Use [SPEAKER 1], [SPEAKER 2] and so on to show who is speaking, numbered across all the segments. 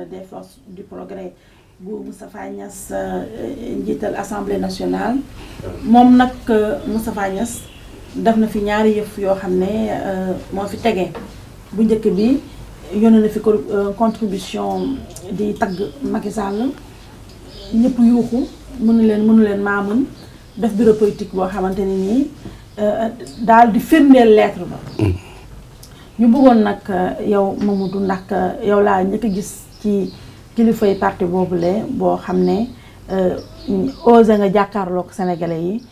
[SPEAKER 1] Euh, des forces du progrès bu Moustapha Niass euh, njiital assemblée nationale moom nag euh, Moustapha Niass def na fi ñaari yëf yoo xam ne moo fi tege bu njëkk bi yónnee na fi contribution di tagg Macky Sall ñëpp yuuxu mënu leen mënu leen maa mën def bureau politique boo xamante ni nii daal di firndeel lettre ba mm. ñu bëggoon nag yow Mamadou ndax yow laa njëkk gis ci kilifay boobu le boo xam ne euh, osé nga jàkkaarlook sénégalais yi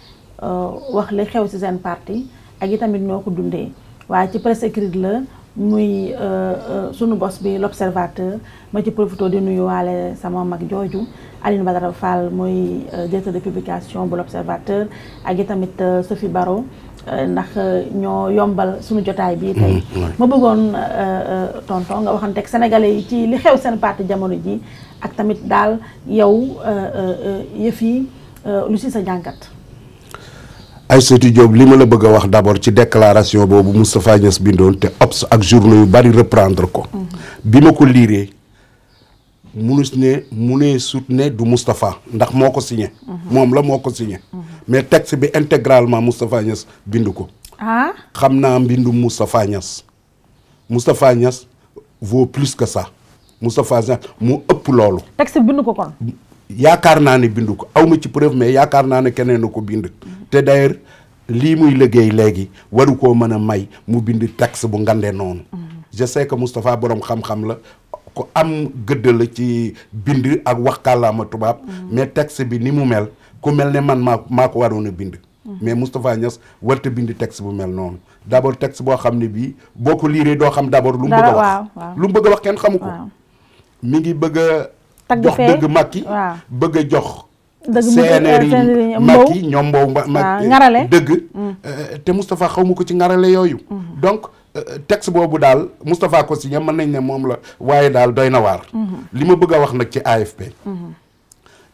[SPEAKER 1] euh, wax li xew ci seen parti ak i tamit noo ko dundee waaye ci presse écrite la muy euh, sunu bos bi l'observateur ma ci profité di waale sama mag jooju Aline Badara Fall muy directeur de publication bu l'observateur ak i tamit Sophie Baro Euh, ndax euh, ñoo yombal suñu jotaay bii tey mm-hmm, ma bëggoon euh, tonton nga waxante ak sénégalais yi ci li xew seen parti jamono ji ak tamit daal yow yëf yi lu si sa jàngat
[SPEAKER 2] Aïssatou Diop li ma la bëgg a wax d'abord ci déclaration boobu Moustapha Niass bindoon te obs ak journaux yu bari reprendre ko mm-hmm. bi ma ko liiree munus ne mu ne sut ne du Moustapha ndax moo ko signé mm-hmm. moom la moo ko signé mais texte bi intégralement Moustapha Niass bind ko. Ah? xam naa mbindu Moustapha Niass. Moustapha Niass vaut mu ëpp loolu.
[SPEAKER 1] texte bind ko kon.
[SPEAKER 2] yaakaar naa ni bind ko aw ma ci preuve mais yaakaar naa ne keneen ko bind. te d'ailleurs lii muy liggéey léegi waru koo mën a may mu bind texte bu ngandee noonu. Mm-hmm. je sais que Moustapha borom xam-xam la. ku am gëdd la ci bind ak wax kàllaama tubaab. Mm-hmm. mais texte bi ni mu mel. ku mel ne man maa maa ko waroon a bind. Mm. mais Moustapha Niass warta bind texte bu mel noonu d' abord texte boo xam ne bii boo ko liiree doo xam d' abord. lu mu bëgg a wax lu bëgg wax kenn xamu ko. mi ngi bëgg a. jox dëgg Macky bëgg a jox.
[SPEAKER 1] dëgg CNR yi eh, Macky
[SPEAKER 2] ñoom Mbow. waaw ngarale dëgg. Mm. Eh, te Moustapha xaw ma ko ci ngarale yooyu. Mm-hmm. donc eh, texte boobu daal Moustapha ko signé mën nañ ne moom la waaye daal doy na waar. Mm-hmm. li ma bëgg a wax nag ci AFP. Mm-hmm.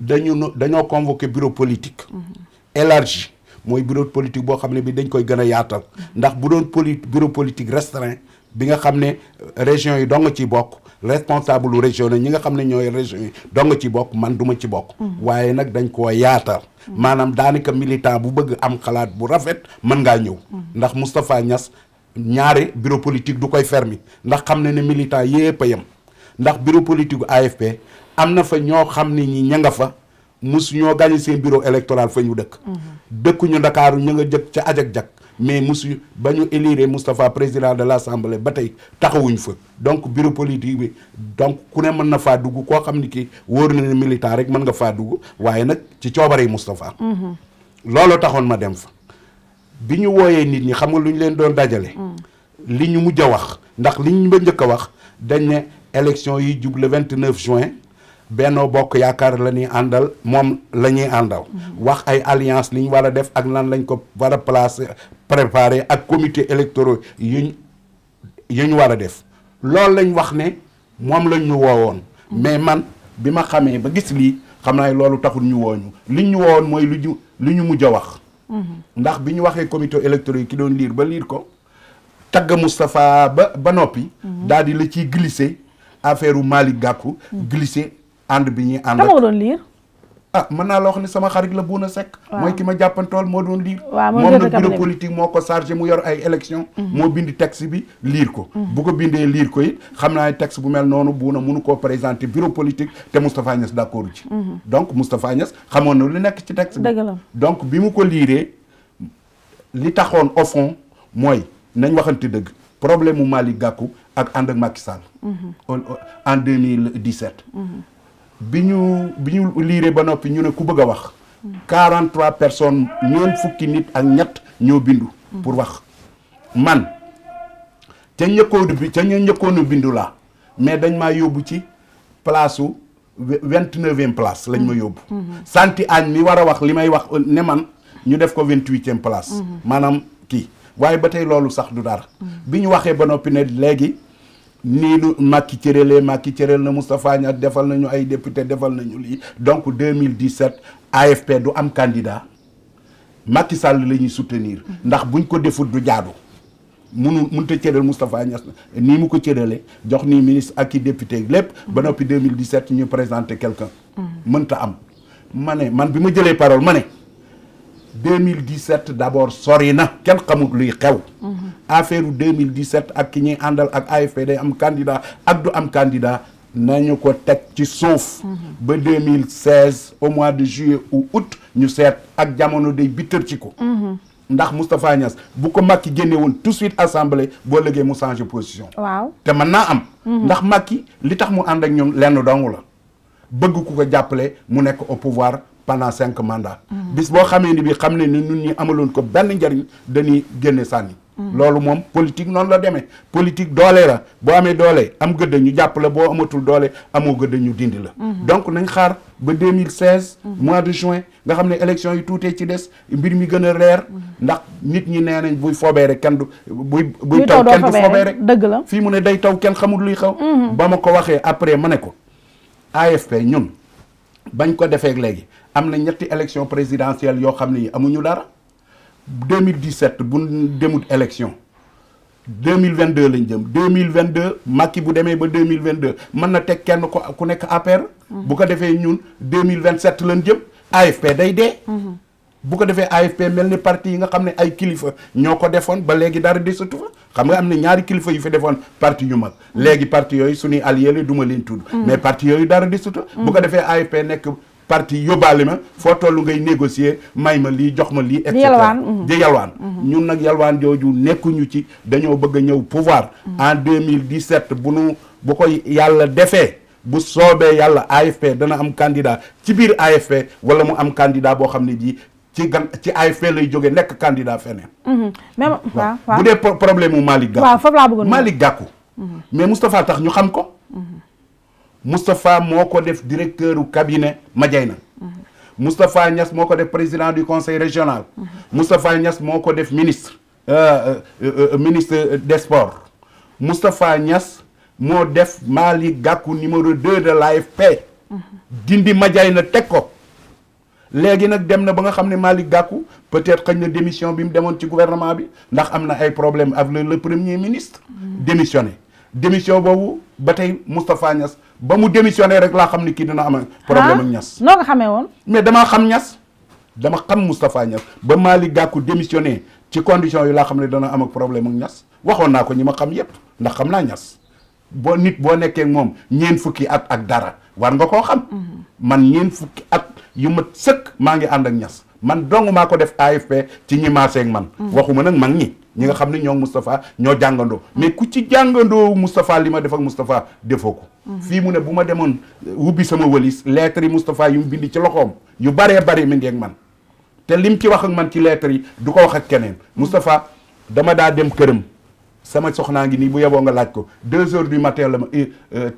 [SPEAKER 2] dañu dañoo convoqué bureau politique mm-hmm. élargi mooy bureau politique boo xam ne bi dañ koy gën a yaatal mm-hmm. ndax bu doon poli bureau politique restreint bi nga xam ne euh, région yi dong ci bokk responsable région ñi nga xam ne ñooy région yi dong ci bokk man duma ci bokk mm-hmm. waaye nag dañ koo yaatal maanaam daanaka militant bu bëgg am xalaat bu rafet mën ngaa ñëw ndax Moustapha Niass ñaari bureau politique du koy fermi ndax xam ne ne militant yépp a ndax bureau politique AFP am na fa ñoo xam ne ñi ña nga fa musu ñoo gagné seen bureau électoral fa ñu dëkk mhm. dëkkuñu Ndakaaru ñu nga jëkk ca ajak-jak mais musu ba ñu élire Moustapha président de la l'Assemblée ba tey taxawuñ fa donc bureau politique bi donc ku ne mën na faa dugg koo xam ni ki wóor na ne militant rek mën nga faa dugg waaye nag ci coobare Moustapha mhm. loolu taxoon ma dem fa bi ñu wooyee nit ñi xam nga lu ñu leen doon dajale mhm. li ñu mujj a wax ndax li ñu ba njëkk a wax dañ ne élection yi jub le 29 benn Bokk Yaakaar la ñuy àndal moom la ñuy àndal. Mhm. wax ay alliance li ñu war a def ak nan lañ ko war a placer préparer ak comité électoraux yuñ yu ñu war a def loolu lañ wax ne moom lañ ñu woowoon. Mhm. mais man bi ma xamee ba gis lii xam naa loolu taxul ñu wooñu liñ ñu woowoon mooy lu ñu lu ñu mujj a wax. Mhm. ndax bi ñu waxee comité électoraux yi ki doon liir ba liir ko tagg Moustapha ba ba noppi. daal di la ciy glisser affaire u Malick Gakou. glisser. ànd bi ñuy ànd. dama ko doon liir. Ah, sama xarit la Bouna Seck. mooy ki ma jàppantool moo doon liir. moom nag bureau moo ko chargé mu yor ay élection mhm. moo bindi texte bi liir ko. Mhm. bu ko bindee liir ko xam naa ne bu mel noonu Bouna mënu koo présenter bureau politique te Moustapha Niass d' accord ci. Mhm. donc Moustapha Niass xamoon na lu nekk ci texte bi. donc bi mu ko liiree li taxoon au fond mooy nañ waxante dëgg problème mu Malick Gakou ak and ak Macky Sall. en bi ñu bi ñu liiree ba noppi ñu ne ku bëgg a wax. 43 personnes ñeent fukki nit ak ñett ñoo bindu. pour wax man ca ñëkkoon bi ca ñoo bindu la mais dañ maa yóbbu ci place su vingt neuvième place lañ ma mm-hmm. yóbbu. Mm-hmm. santi añ mi war a wax li may wax euh, ne man ñu def ko vingt huitième place. Mm-hmm. maanaam kii waaye ba tey loolu sax du dara. bi ñu waxee ba noppi ne léegi. nii lu Macky cëralee Macky cëral na Moustapha Niasse defal nañu ay député defal nañu lii donc mille 2017 AFP du am candidat Macky Sall la ñuy soutenir ndax buñ ko defut du jaadu munu mënut a cëral Moustapha Niasse nii mu ko cëralee jox nii ministre ak i député lépp ba noppi 2017 ñu présenté quelqu'un mm. mënta am ma ne man bi ma jëlee parole ma ne 2017 d'abord sori na kenn xamut luy xew affaire 2017 ak ki ñuy àndal ak AFP day am candidat ak du am na ñu ko teg ci suuf ba 2016 au mois de juillet ou août ñu seet ak jamono de bittër ci ko ndax Moustapha Niass bu ko Macky génne woon tout de suite assemblée boo lëggee mu changé position te mën naa am mhm. ndax Macky li tax mu ànd ak ñoom lenn dong la bëgg ku ko jàppale mu nekk au pouvoir pandan cinq mandats. bis boo xamee ni bi xam ne ni ñun ñi amaloon ko benn njariñ dañuy génne sànni. loolu moom politique noonu la demee politique doole la boo amee doolee am gëdd ñu jàpp la boo amatul doole amoo gëdd ñu dindi la. Mhm. donc nañ xaar ba deux mille seize. Mhm. mois de juin nga xam ne élection yi tuutee ci des mbir mi gën a reer mhm. ndax nit ñi nee nañ buy foobee rek kenn du. buy buy taw kenn du foobee rek dëgg la. fii mu ne day taw kenn xamul luy xaw. ba ma ko waxee après ma ne ko AFP ñun ko defee léegi. am na ñetti élection présidentielle yoo xam ne amuñu dara 2017 bu demut élection 2022 lañ jëm deux Macky bu demee ba 2022 mën na teg kenn ko ku nekk APR. Mm-hmm. bu ko defee ñun mille vingt 2027 lañ jëm AFP day dee. Mm-hmm. bu ko defee AFP mel ni parti yi nga xam ne ay kilifa ñoo ko defoon ba léegi dara desatu fa xam nga am na ñaari kilifa yu fi defoon parti yu mag mm-hmm. léegi parti yooyu suñuy alliés la du ma leen tudd. mais parti yooyu dara desatu. bu ko defee nekk. parti yóbbaale ma foo toll ngay négocier may ma lii jox ma lii et cetera di mhm. yalwaan mhm. ñun nag yalwaan jooju nekkuñu ci dañoo bëgg a ñëw pouvoir mhm. en mille 2017 bu nu bu koy yàlla defee bu soobee yàlla AFP dana am candidat ci biir AFP wala mu am candidat boo xam ne ji ci gan ci AFP lay jógee nekk candidat feneen.
[SPEAKER 1] même waaw bu dee
[SPEAKER 2] problème mu Malick Gakou. waaw foofu laa
[SPEAKER 3] bëggoon
[SPEAKER 2] tax ñu xam ko. Moustapha moo ko def directeur u cabinet Madiayna Moustapha ñas moo ko def président du conseil régional Moustapha ñas moo ko def ministre euh, euh, euh, ministre des sports moo def mali gàkku numéro 2 de l'AFP dindi Madiayna teg ko léegi nag dem na ba nga xam ne Malick Gakou peut-être xëy na démission bi mu demoon ci gouvernement bi ndax am na ay problème avec le premier ministre mm. démissionné démission boobu ba tey Moustapha Niass ba mu démissionné rek laa xam ni kii dina am problème ak ah, Niass.
[SPEAKER 1] noo ko xamee woon. mais damaa xam Niass
[SPEAKER 2] dama xam Moustapha Niass ba Malick Gakou démissionné ci condition yi laa xam ne dana am ak problème ak ñas waxoon naa ko ñi ma xam yépp ndax xam naa Niass boo nit boo nekkee moom ñeen fukki at ak dara war nga koo xam. Mm-hmm. man ñeent fukki at yu ma sëkk maa ngi ànd ak ñas man dong maa ko def AFP ci ñi maasee ak man. Mm. waxuma nag mag ñi. ñi nga xam ne ñoo Moustapha ñoo jàngandoo mais ku ci jàngandoo Moustapha li ma def ak Moustapha defoo ko mm-hmm. fii mu ne bu ma demoon wubbi euh, sama walis lettre yi Moustapha yu mu bind ci loxoom yu baree bari mi ngi ak man te lim ci wax man ci lettre yi du ko wax ak keneen mustapha dama daa dem këram sama soxnaa ngi nii bu yeboo nga laaj ko deux heures du matin la ma euh,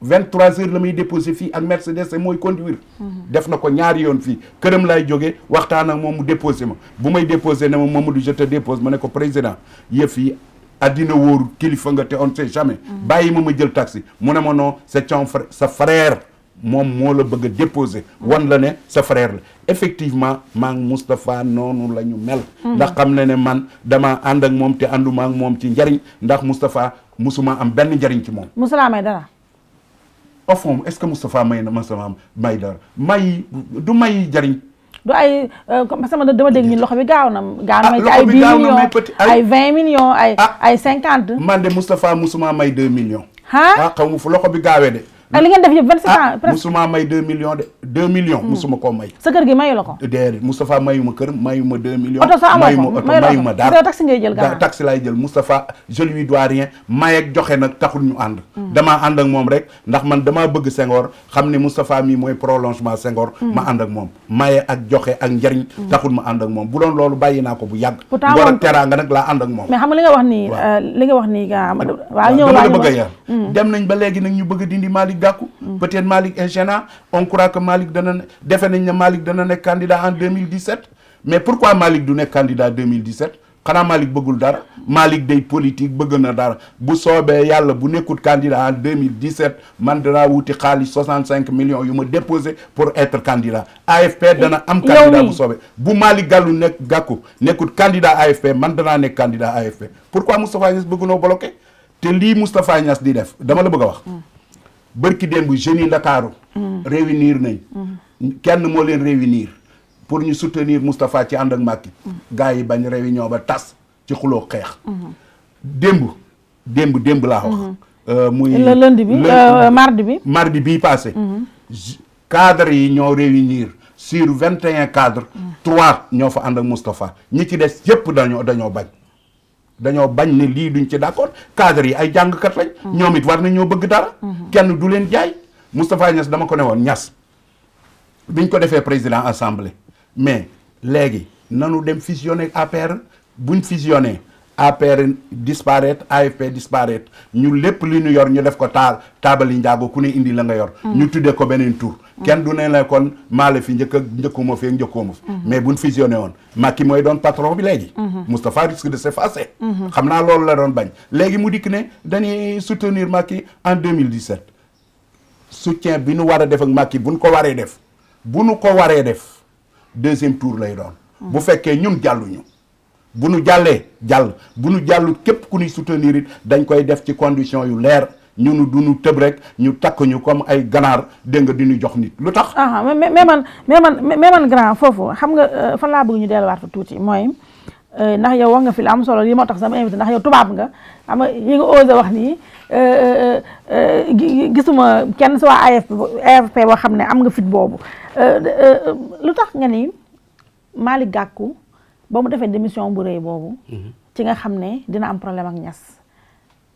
[SPEAKER 2] vingt trois heures la may déposé fii ak Mercedes mooy conduire mhm. def na ko ñaari yoon fii këram laay jóge waxtaan ak moom mu déposé ma bu may déposé ne ma Mamadou je te dépose ma ne ko président yëf yi addina wóoru kilifa nga te on sait jamais mhm. bàyyi ma ma jël taxi mu ne ma non c'est ton frère sa frère moom moo la bëgg déposé wan la ne sa frère la effectivement maa ngi Moustapha noonu la ñu mel mm-hmm. ndax xam na ne man dama ànd ak moom te àndu maa moom ci njariñ ndax Moustapha musuma am benn njariñ ci moom
[SPEAKER 1] musula may dara
[SPEAKER 2] au fond est-ce que may na Moustapha may dara may du may njariñ
[SPEAKER 1] du ay euh, comme sama dama dégg ñun loxo bi gaaw na gaaw may ah, ay dix ay vingt millions ay ah. ay cinquante man
[SPEAKER 2] de Moustapha musuma may deux million ah xaw fu loxo bi gaawee de
[SPEAKER 1] li ngeen def yëpp vingt sept ans ah, presque
[SPEAKER 2] musuma may deux millions de hmm. koo may
[SPEAKER 1] sa kër gi mayu la ko
[SPEAKER 2] déedéet Moustapha mayuma kër mayuma deux millions oto taxul ñu ànd hmm. damaa ànd ak moom rek ndax man damaa bëgg Senghor xam ne Moustapha mi mooy prolongement Senghor hmm. ma ànd ak moom maye ak joxe ak njariñ taxul ma ànd ak moom bu doon loolu bàyyi naa ko bu yàgg ngor ak teraanga nag laa ànd ak moom mais
[SPEAKER 1] xam nga li wax nii euh, li nga wax nii gaa waaw ñëw waaw a yar dem
[SPEAKER 2] nañ ba léegi nag ñu bëgg dindi Malick Gakou mm. peut-être Malick ingéna on croit que Malick dana defe nañ ne Malick dana nekk candidat en 2017 mais pourquoi Malick du nekk candidat 2017 xanaa Malick bëggul dara Malick day politique bëgg na dara bu soobee yàlla bu nekkut candidat en 2017 man danaa wuti xaalis cinq millions yu ma déposé pour être candidat AFP dana am candidat bu soobee bu Malick Gallou nekk Gakou nekkut candidat AFP man danaa nekk candidat AFP pourquoi Moustapha Niass bëgg noo bloqué te lii Moustapha Niass di def dama la bëgg wax mm. bërki démb jeunes yi Ndakaaru réunir nañ kenn moo leen réunir pour ñu soutenir Moustapha ci ànd ak Macky gars yi bañ réunion ba tas ci xuloo xeex démb démb démb laa wax euh, muy lundi bi euh, mardi bi mardi bii passé mhm. cadre yi ñoo réunir sur vingt et un cadres mhm. trois ñoo fa ànd ak Moustapha ñi ci des yëpp dañoo dañoo bañ dañoo bañ ne lii duñ ci d'accord cadre yi ay jàngkat lañ. Mm-hmm. ñoom it war nañoo bëgg dara. Mm-hmm. kenn du leen jaay Moustapha Niass dama ko ne woon Niass biñ ko defee président assemblée mais léegi nanu dem fusionner APR buñ fusionner. APR disparaître AFP disparaître ñu lépp li ñu yor ñu def ko taal taabali njaago ku ne indi la nga yor mm. ñu tuddee ko beneen tur mm. kenn du ne la kon maa la fi njëkk a njëkkuma fi ak njëkkooma mm. mais bu buñ fusionné woon Macky mooy doon patron bi léegi mm-hmm. Moustapha risque de s'effacer mm-hmm. xam naa loolu la doon bañ léegi mu dikk ne dañuy soutenir Macky en 2017 soutien bi nu war a def ak Macky buñ ko waree def bu nu ko waree def deuxième tour lay doon bu fekkee ñun jàlluñu bu nu jàllee jàll bu nu jàllut képp ku ñuy soutenir it dañ koy def ci condition yu leer ñunu du ñu tëb rek ñu takk ñu comme ay ganaar dégg nga di ñu jox nit lu
[SPEAKER 1] tax. mais man mais man mais man grand foofu xam nga euh, fan laa bëgg ñu delluwaat fa tuuti mooy euh, ndax yow wax nga fi la am solo li moo tax sama invité ndax yow tubaab nga xam nga yi nga osé wax nii euh, gisuma kenn si waa AFP AFP boo xam ne am nga fit boobu lu tax nga ni Malick Gakou. ba mu defee démission bu rëy boobu. Mhm. ci nga xam ne dina am problème ak ñas.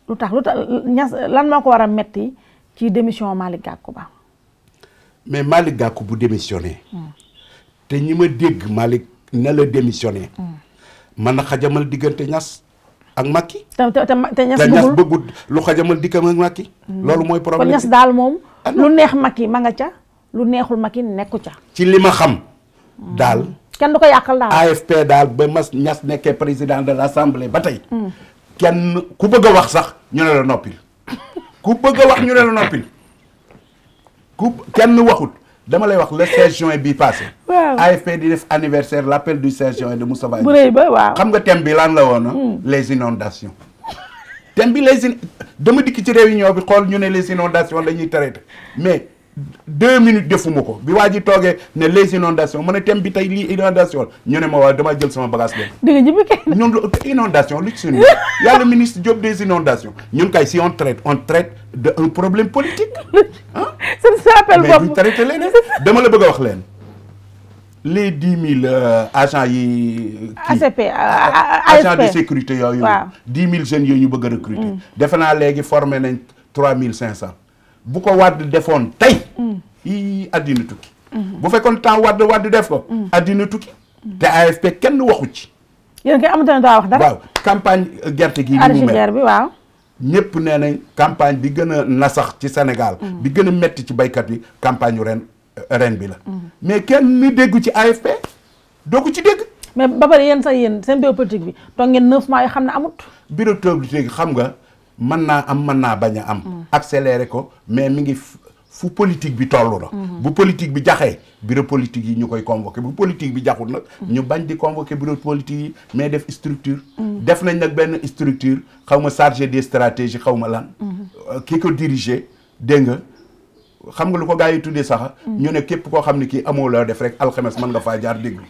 [SPEAKER 1] lu tax lu tax ñas lan moo ko war a metti ci démission Malick Gakou ba.
[SPEAKER 2] mais Malick Gakou bu démissionné. Hmm. te ñi ma dégg Malick na la démissionné. Hmm. man a xajamal diggante ñas ak Macky.
[SPEAKER 1] te te te ñas
[SPEAKER 2] bëggul lu xajamal dikkam ak Macky. Hmm. loolu mooy problème kon ñas
[SPEAKER 1] daal moom. Ah lu neex Macky ma nga ca lu neexul Macky nekku ca.
[SPEAKER 2] ci li ma xam daal.
[SPEAKER 1] kenn du ko yàqal
[SPEAKER 2] daal AFP daal ba mas ñas nekkee président de l'assemblée ba tey. kenn ku bëgg a wax sax ñu ne la noppil ku bëgg wax ñu ne la noppil ku kenn waxut dama lay wax le 16 bi bii passé. AFP di def anniversaire l'appel du 16 juin de Moussa bu rëy ba waaw xam nga thème bi lan la woon. Hmm. les inondations. thème bi les in dama dikk ci réunion bi xool ñu ne les inondations la ñuy traité mais. deux minutes defuma ko bi waa ji toogee ne les inondations ma ne thème bi tey lii inondation ñu ne ma waaw dama jël sama bagage dem. dëgg jëmmi kenn. ñun inondation lu ci suñu yàlla ministre Diop des inondations ñun kay si on traite on traite de un problème politique. ah seen saapel bopp mais duñ traité dama la bëgg wax leen les dix mille euh, agents yi. Euh,
[SPEAKER 1] ACP agent de sécurité
[SPEAKER 2] yooyu. waaw dix mille jeunes yooyu ñu bëgg a recruter. Mm. defe naa léegi formé nañ trois mille cinq cent. bu ko wadd defoon tey mm. i àddina tukki bu fekkoon temps wadd wàdd def ko mm. àddina tukki mm. te AFP kenn waxu ci
[SPEAKER 1] yéen kay amatoon daa wax dara waaw
[SPEAKER 2] campagne euh, gerte gi ni bi waaw ñëpp nee nañ campagne bi gën a nasax ci senegal bi gën a metti ci baykat yi campagne ren euh, ren bi la mais kenn déggu ci AFP doo ko ci dégg mais ba pare yéen sax yéen seen bureau politique bi toog ngeen neuf mois yoo xam ne amut bureau politique xam nga mën naa am man naa bañ a am mm. accéléré ko mais mi ngi fu politique bi toll na mm-hmm. bu politique bi jaxee bureau politique yi ñu koy convoqué bu politique bi jaxul nag mm. ñu bañ di convoqué bureau politique yi mais def structure mm. def nañ nag benn structure xaw ma chargé des stratégies xaw ma lan mm-hmm. euh, ki ko diriger dégg nga xam nga lu ko gars yi tuddee sax ñu ne képp koo xam ne kii amoo loo def rek alxames mën nga faa jaar déglu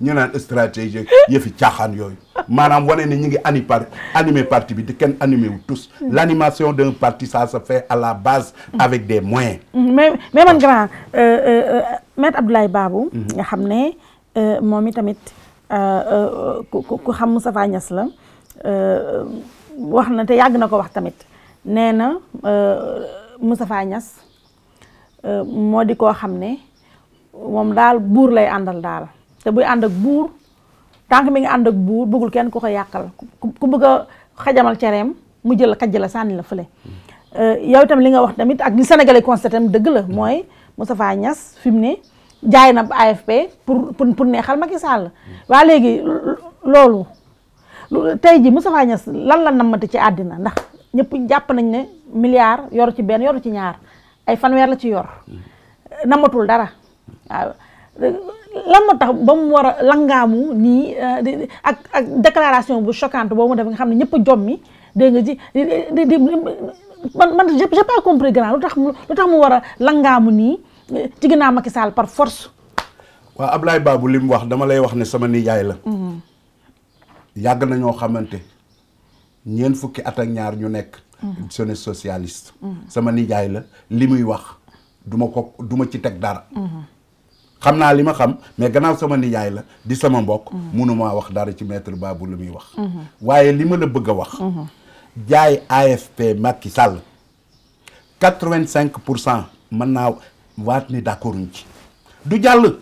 [SPEAKER 2] ñu naan stratégie yëfi caaxaan yooyu maanaam wane ne ñu ngi ani par animé parti bi di kenn animé wu tous mm. l' animation d' parti ça se fait à la base mm. avec des moyens
[SPEAKER 3] mm.
[SPEAKER 1] mais mais man ah. grand euh, euh, euh, maître Abdoulaye Babou mm-hmm. nga xam ne moom i tamit ku xam Moustapha Niass la wax na te yàgg na ko wax tamit nee na Moustapha Niass moo di koo xam ne moom daal buur lay àndal daal te buy ànd ak buur tànk mi ngi ànd ak buur buggul kenn ku ko yàqal ku bëgg a xajamal cereem mu jël xaj la sànni la fële. Euh, yow itam li nga wax tamit ak li Sénégalais dëgg la mooy Moustapha Niass fi mu ne jaay na AFP pour pour pour ne Macky Sall waa léegi loolu tey ji Moustapha lan la nammati ci àddina ndax ñëpp jàpp nañ ne milliard yoru ci benn yoru ci ñaar ay fanweer la ci yor namatul dara lan moo tax ba mu war a langaamu nii euh, ak ak déclaration bu choquante boobu mu def nga xam ne ñëpp a jommi dégg nga man man j'ai pas compris grand lu tax mu lu mu war a langaamu nii ci ginnaaw Macky Sall par force.
[SPEAKER 2] waaw Ablaye Babou li mu wax dama lay wax ne sama nijaay la. Mm-hmm. yàgg na ñoo xamante ñeent fukki at ak ñaar ñu nekk. Mm-hmm. jeunesse socialist mm-hmm. sama nijaay la li muy wax duma ko duma ci teg dara. xam naa li ma xam mais gannaaw sama nijaay la di sama mbokk mënumaa mhm. wax dara ci maître baabu la muy wax mhm. waaye li ma la bëgg a wax mhm. jaay AFP Macky Sall quatre vingt cinq pour cent mën naa waat ni d'accorduñ ci du jàll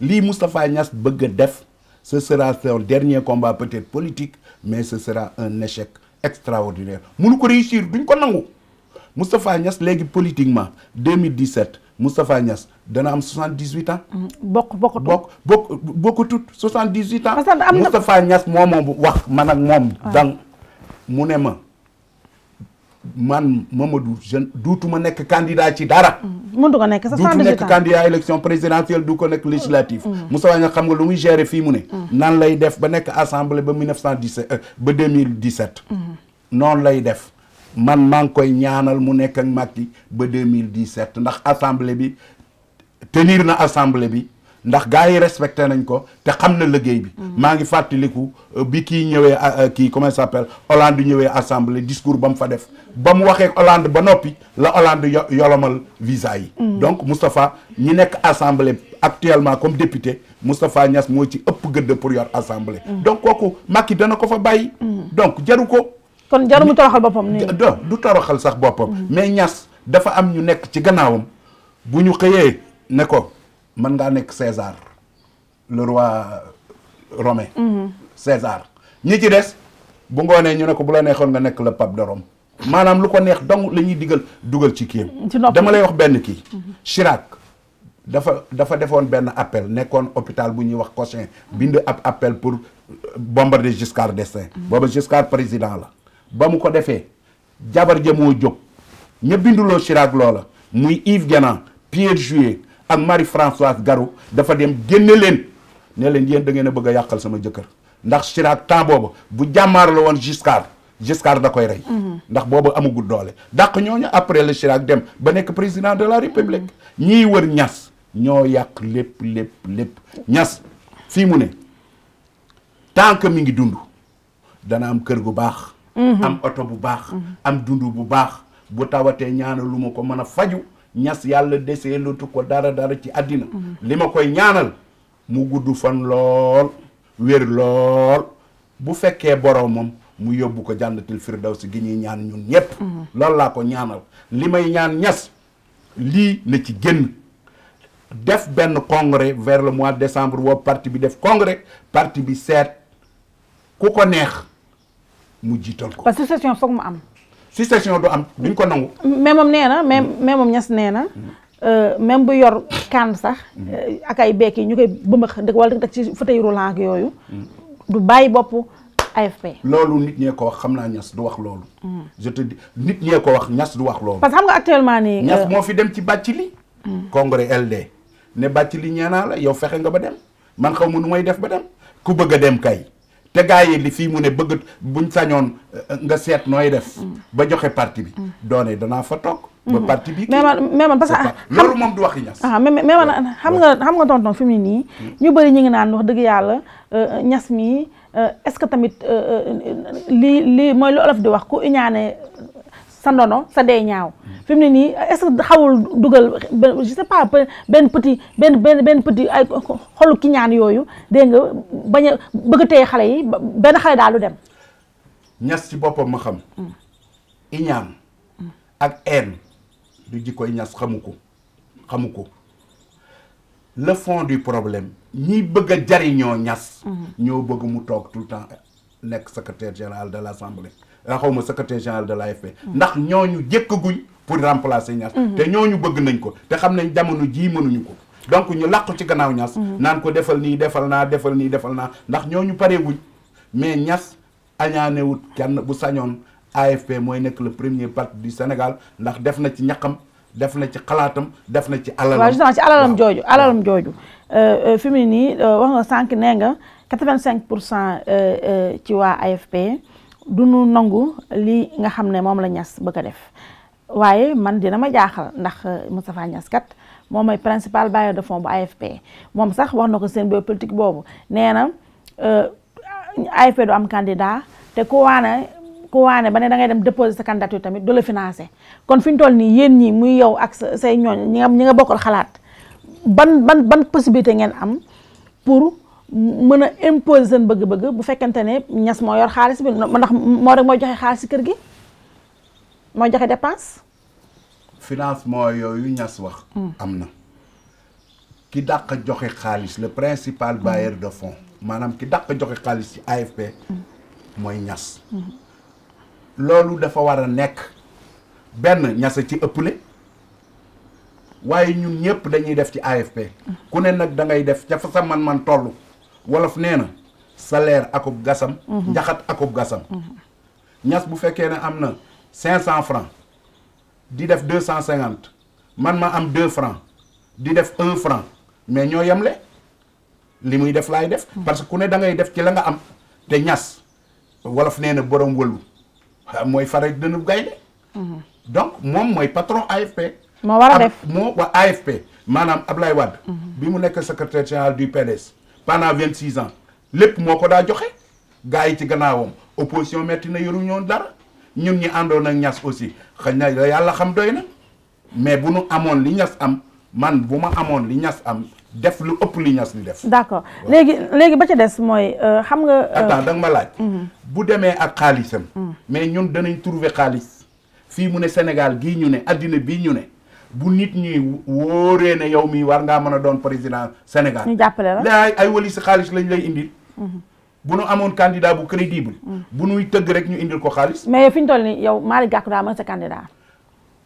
[SPEAKER 2] lii Moustapha Niass bëgg def ce sera son dernier combat peut politique mais ce sera un échec extraordinaire mënu ko réussir duñ ko nangu Moustapha Niass léegi politiquement 2017 Moustapha Niass dana am 78 ans. Mm, bokk bokkut bokk bokk bokkutut 78 ans. parce que Moustapha Niass moo ma wax man ak moom. dang mu ne ma man Mamadou jeune duutuma nekk candidat ci dara. Mm,
[SPEAKER 1] mënut ko nekk sa duutu nekk candidat
[SPEAKER 2] élection présidentielle du ko nekk législative. Mm. Moustapha Niass xam nga lu muy gérer fii mu ne. nan lay def ba nekk assemblée ba 1917 euh, ba 2017. noonu lay def. man maa ngi koy ñaanal mu nekk ak Macky ba 2017 ndax assemblée bi te tenir na assemblée bi ndax gars yi respecté nañ ko te xam na liggéey bi. Mm-hmm. maa ngi fàttaliku euh, bi kii ñëwee euh, kii comment ça s'appelle Hollande ñëwee assemblée discours ba mu fa def ba mu waxee Hollande ba noppi la Hollande yo yolomal visa yi. Mm. donc Moustapha ñi nekk assemblée actuellement comme député Moustapha Niass moo ci ëpp gëdd pour yor assemblée. Mm. donc kooku Macky dana ko fa bàyyi. Mm. donc jaru ko. kon jarul mu toroxal boppam nii. du toroxal sax boppam. Mm. mais ñas dafa am ñu nekk ci gannaawam bu ñu xëyee ne ko mën ngaa nekk César le roi romain. Mm-hmm. César ñi ci des bu ngoonee ñu ne ko bu la neexoon nga nekk le pape de Rome maanaam lu ko neex dong la ñuy digal dugal ci kii mm-hmm. dama lay wax benn kii. Mm-hmm. Chirac dafa dafa defoon benn appel nekkoon hôpital bu ñuy wax Cochin bind ab appel pour bombarder Giscard d'Estaing. booba Giscard président la. ba mu ko defee jabar ja moo jóg ña binduloo Chirac loola muy Yves Guénan Pierre Juillet ak Marie-Françoise Garou dafa dem génne leen ne leen yéen da ngeen a bëgg a yàqal sama jëkkër ndax Chirac temps boobu bu jàmmaar la woon Giscard Giscard da koy rey mhm. ndax boobu amagul doole dàq ñu après le Chirac dem ba nekk président de la République mhm. ñiy wër ñas ñoo yàq lépp lépp lépp ñas fii mu ne tant que mi ngi dund dana am kër gu baax Mm-hmm. am oto bu baax mm-hmm. am dund bu baax bu tawatee lu ma ko mën a faju ñas yàlla desee lutu ko dara dara ci àddina mm-hmm. li ma koy ñaanal mu gudd fan lool wér lool bu fekkee boromam mu yóbbu ko jànnatil si gi ñuy ñaan ñun ñépp loolu laa ko ñaanal li may ñaan ñas lii na ci génn def benn congrès vers le mois de décembre woo parti bi def congrès partie bi seet ku ko neex mu jiital ko. parce que succession foog mu am. succession du am duñ ko nangu.
[SPEAKER 1] mais moom nee na mais mais moom ñas nee na. Euh, même bu yor kaan sax. Euh, ak ay beek yi ñu koy bëmbax dëkk wala dëkk ci fauteuil roulant ak yooyu. du bàyyi bopp AFP.
[SPEAKER 2] loolu nit ñee ko wax xam naa ñas du wax loolu. je te dis ko wax ñas du wax loolu. parce
[SPEAKER 1] que xam nga actuellement nii. ñas euh, moo
[SPEAKER 2] fi dem ci bàcc li. congrès LD. ne bàcc li ñeenaa la yow fexe nga ba dem man xaw ma nu may def ba dem ku bëgg a dem kay. te gaa yi fii mu ne bëgg buñ sañoon eh, nga seet nooy def. ba joxe parti bi. doone danaa fa toog. ba mm-hmm. parti bi. mais man mais man parce que ah, loolu moom du wax ñas.
[SPEAKER 1] ah mais mais man xam nga xam nga tonton fi mu ne nii. Mm. ñu bëri ñu ngi naan wax dëgg yàlla eh, ñas mi eh, est-ce que tamit lii li mooy lu olof di wax ku iñaane sa ndono sa dee ñaaw fi mu nii est-ce que xawul dugal je sais pas benn petit benn benn benn petit ay xolu ki ñaan yooyu dégg nga bañ a xale yi benn xale daal du dem
[SPEAKER 2] ñas ci boppam ma xam mm. iñaan ak haine du jikkoy ñas xamu ko xamu ko le fond du problème ñi bëgg a jariñoo ñas mm-hmm. ñoo bëgg mu toog tout temps nekk secrétaire général de l'Assemblée Euh, xaw ma secrétaire général de l'AFP ndax ñoo ñooñu jëkkaguñ pour remplacer Niass mm-hmm. te ñoo ñu bëgg nañ ko te xam nañ jamono jii mënuñu ko donc ñu làqu ci gannaaw Niass mm-hmm. naan ko defal nii defal naa defal nii defal naa ndax ñoo ñooñu pareeguñ mais Niass añaanewut kenn bu sañoon AFP mooy nekk le premier parti du Sénégal ndax def na ci ñaqam def na ci xalaatam def na ci alalam waaw justement ci
[SPEAKER 1] alalam jooju alalam jooju euh, euh, fi mu nii wax nga sànq nee nga pour cent ci waa AFP du nu nangu lii nga xam ne moom la ñas bëgg a def waaye man dina ma jaaxal ndax euh, Moustapha Niass kat moom mooy principal bailleur de fonds bu AFP moom sax wax na ko seen bo boobu nee na euh, AFP du am candidat te ku waane ku waane ba ne da ngay dem déposer sa candidature tamit du la financé kon fi ñu toll nii yéen ñi muy yow ak say ñooñ ñi nga ñi nga bokkal xalaat ban ban ban possibilité ngeen am pour mën a imposer seen bëgg-bëgg bu fekkente ne ñas moo yor xaalis bi ndax moo rek mooy joxe xaalis ci kër gi mooy joxe dépense.
[SPEAKER 2] financement yooyu ñas wax. Hmm. am na ki dàq joxe xaalis le principal hmm. bailleur de fonds maanaam ki dàq joxe xaalis ci AFP hmm. mooy ñas. loolu dafa war a nekk benn ñas ci ëpp ëpple waaye ñun ñëpp dañuy def ci AFP ku ne nag dangay def ca sa man-man toll. wolof nee na salaire akub gasam mhm. njaxat akub gasam mhm. ñas bu fekkee ne am na cinq cent francs di def deux cent cinquante man ma am deux francs di def un franc mais ñoo yemle li muy def laay def mhm. parce que ku ne da ngay def ci la nga am te ñas wolof nee na borom wëlu ah, mooy fara dënu gaynde donc moom mooy patron AFP moo war a def moo wa AFP maanaam Ablaye Wade bi mu nekk secrétaire général du PDS pendant vingt six ans lépp moo ko daa joxe gars yi ci gannaawam opposition metti yoru ñoon dara ñun ñi àndoon ak ñas aussi xëy na yàlla xam doy na mais bu nu amoon li ñas am man bu ma amoon li ñas am def lu ëpp li ñas li def.
[SPEAKER 1] d'accord léegi léegi ba ca des mooy euh, xam nga. Euh, attends da nga ma laaj. Mhm.
[SPEAKER 2] bu demee ak xaalisam. Mhm. mais ñun danañ trouver xaalis. fii mu ne Sénégal gii ñu ne addina bii ñu ne. bu nit ñi wóoree ne yow mii war ngaa mën a doon président Sénégal. ñu
[SPEAKER 1] jàppale la
[SPEAKER 2] ay wali si xaalis lañ lay indi mhm. bu nu amoon candidat bu crédible. Mhm. bu nuy tëgg rek ñu indil ko xaalis.
[SPEAKER 1] mais fi ñu toll nii yow Malick Gakou daa mooy sa candidat.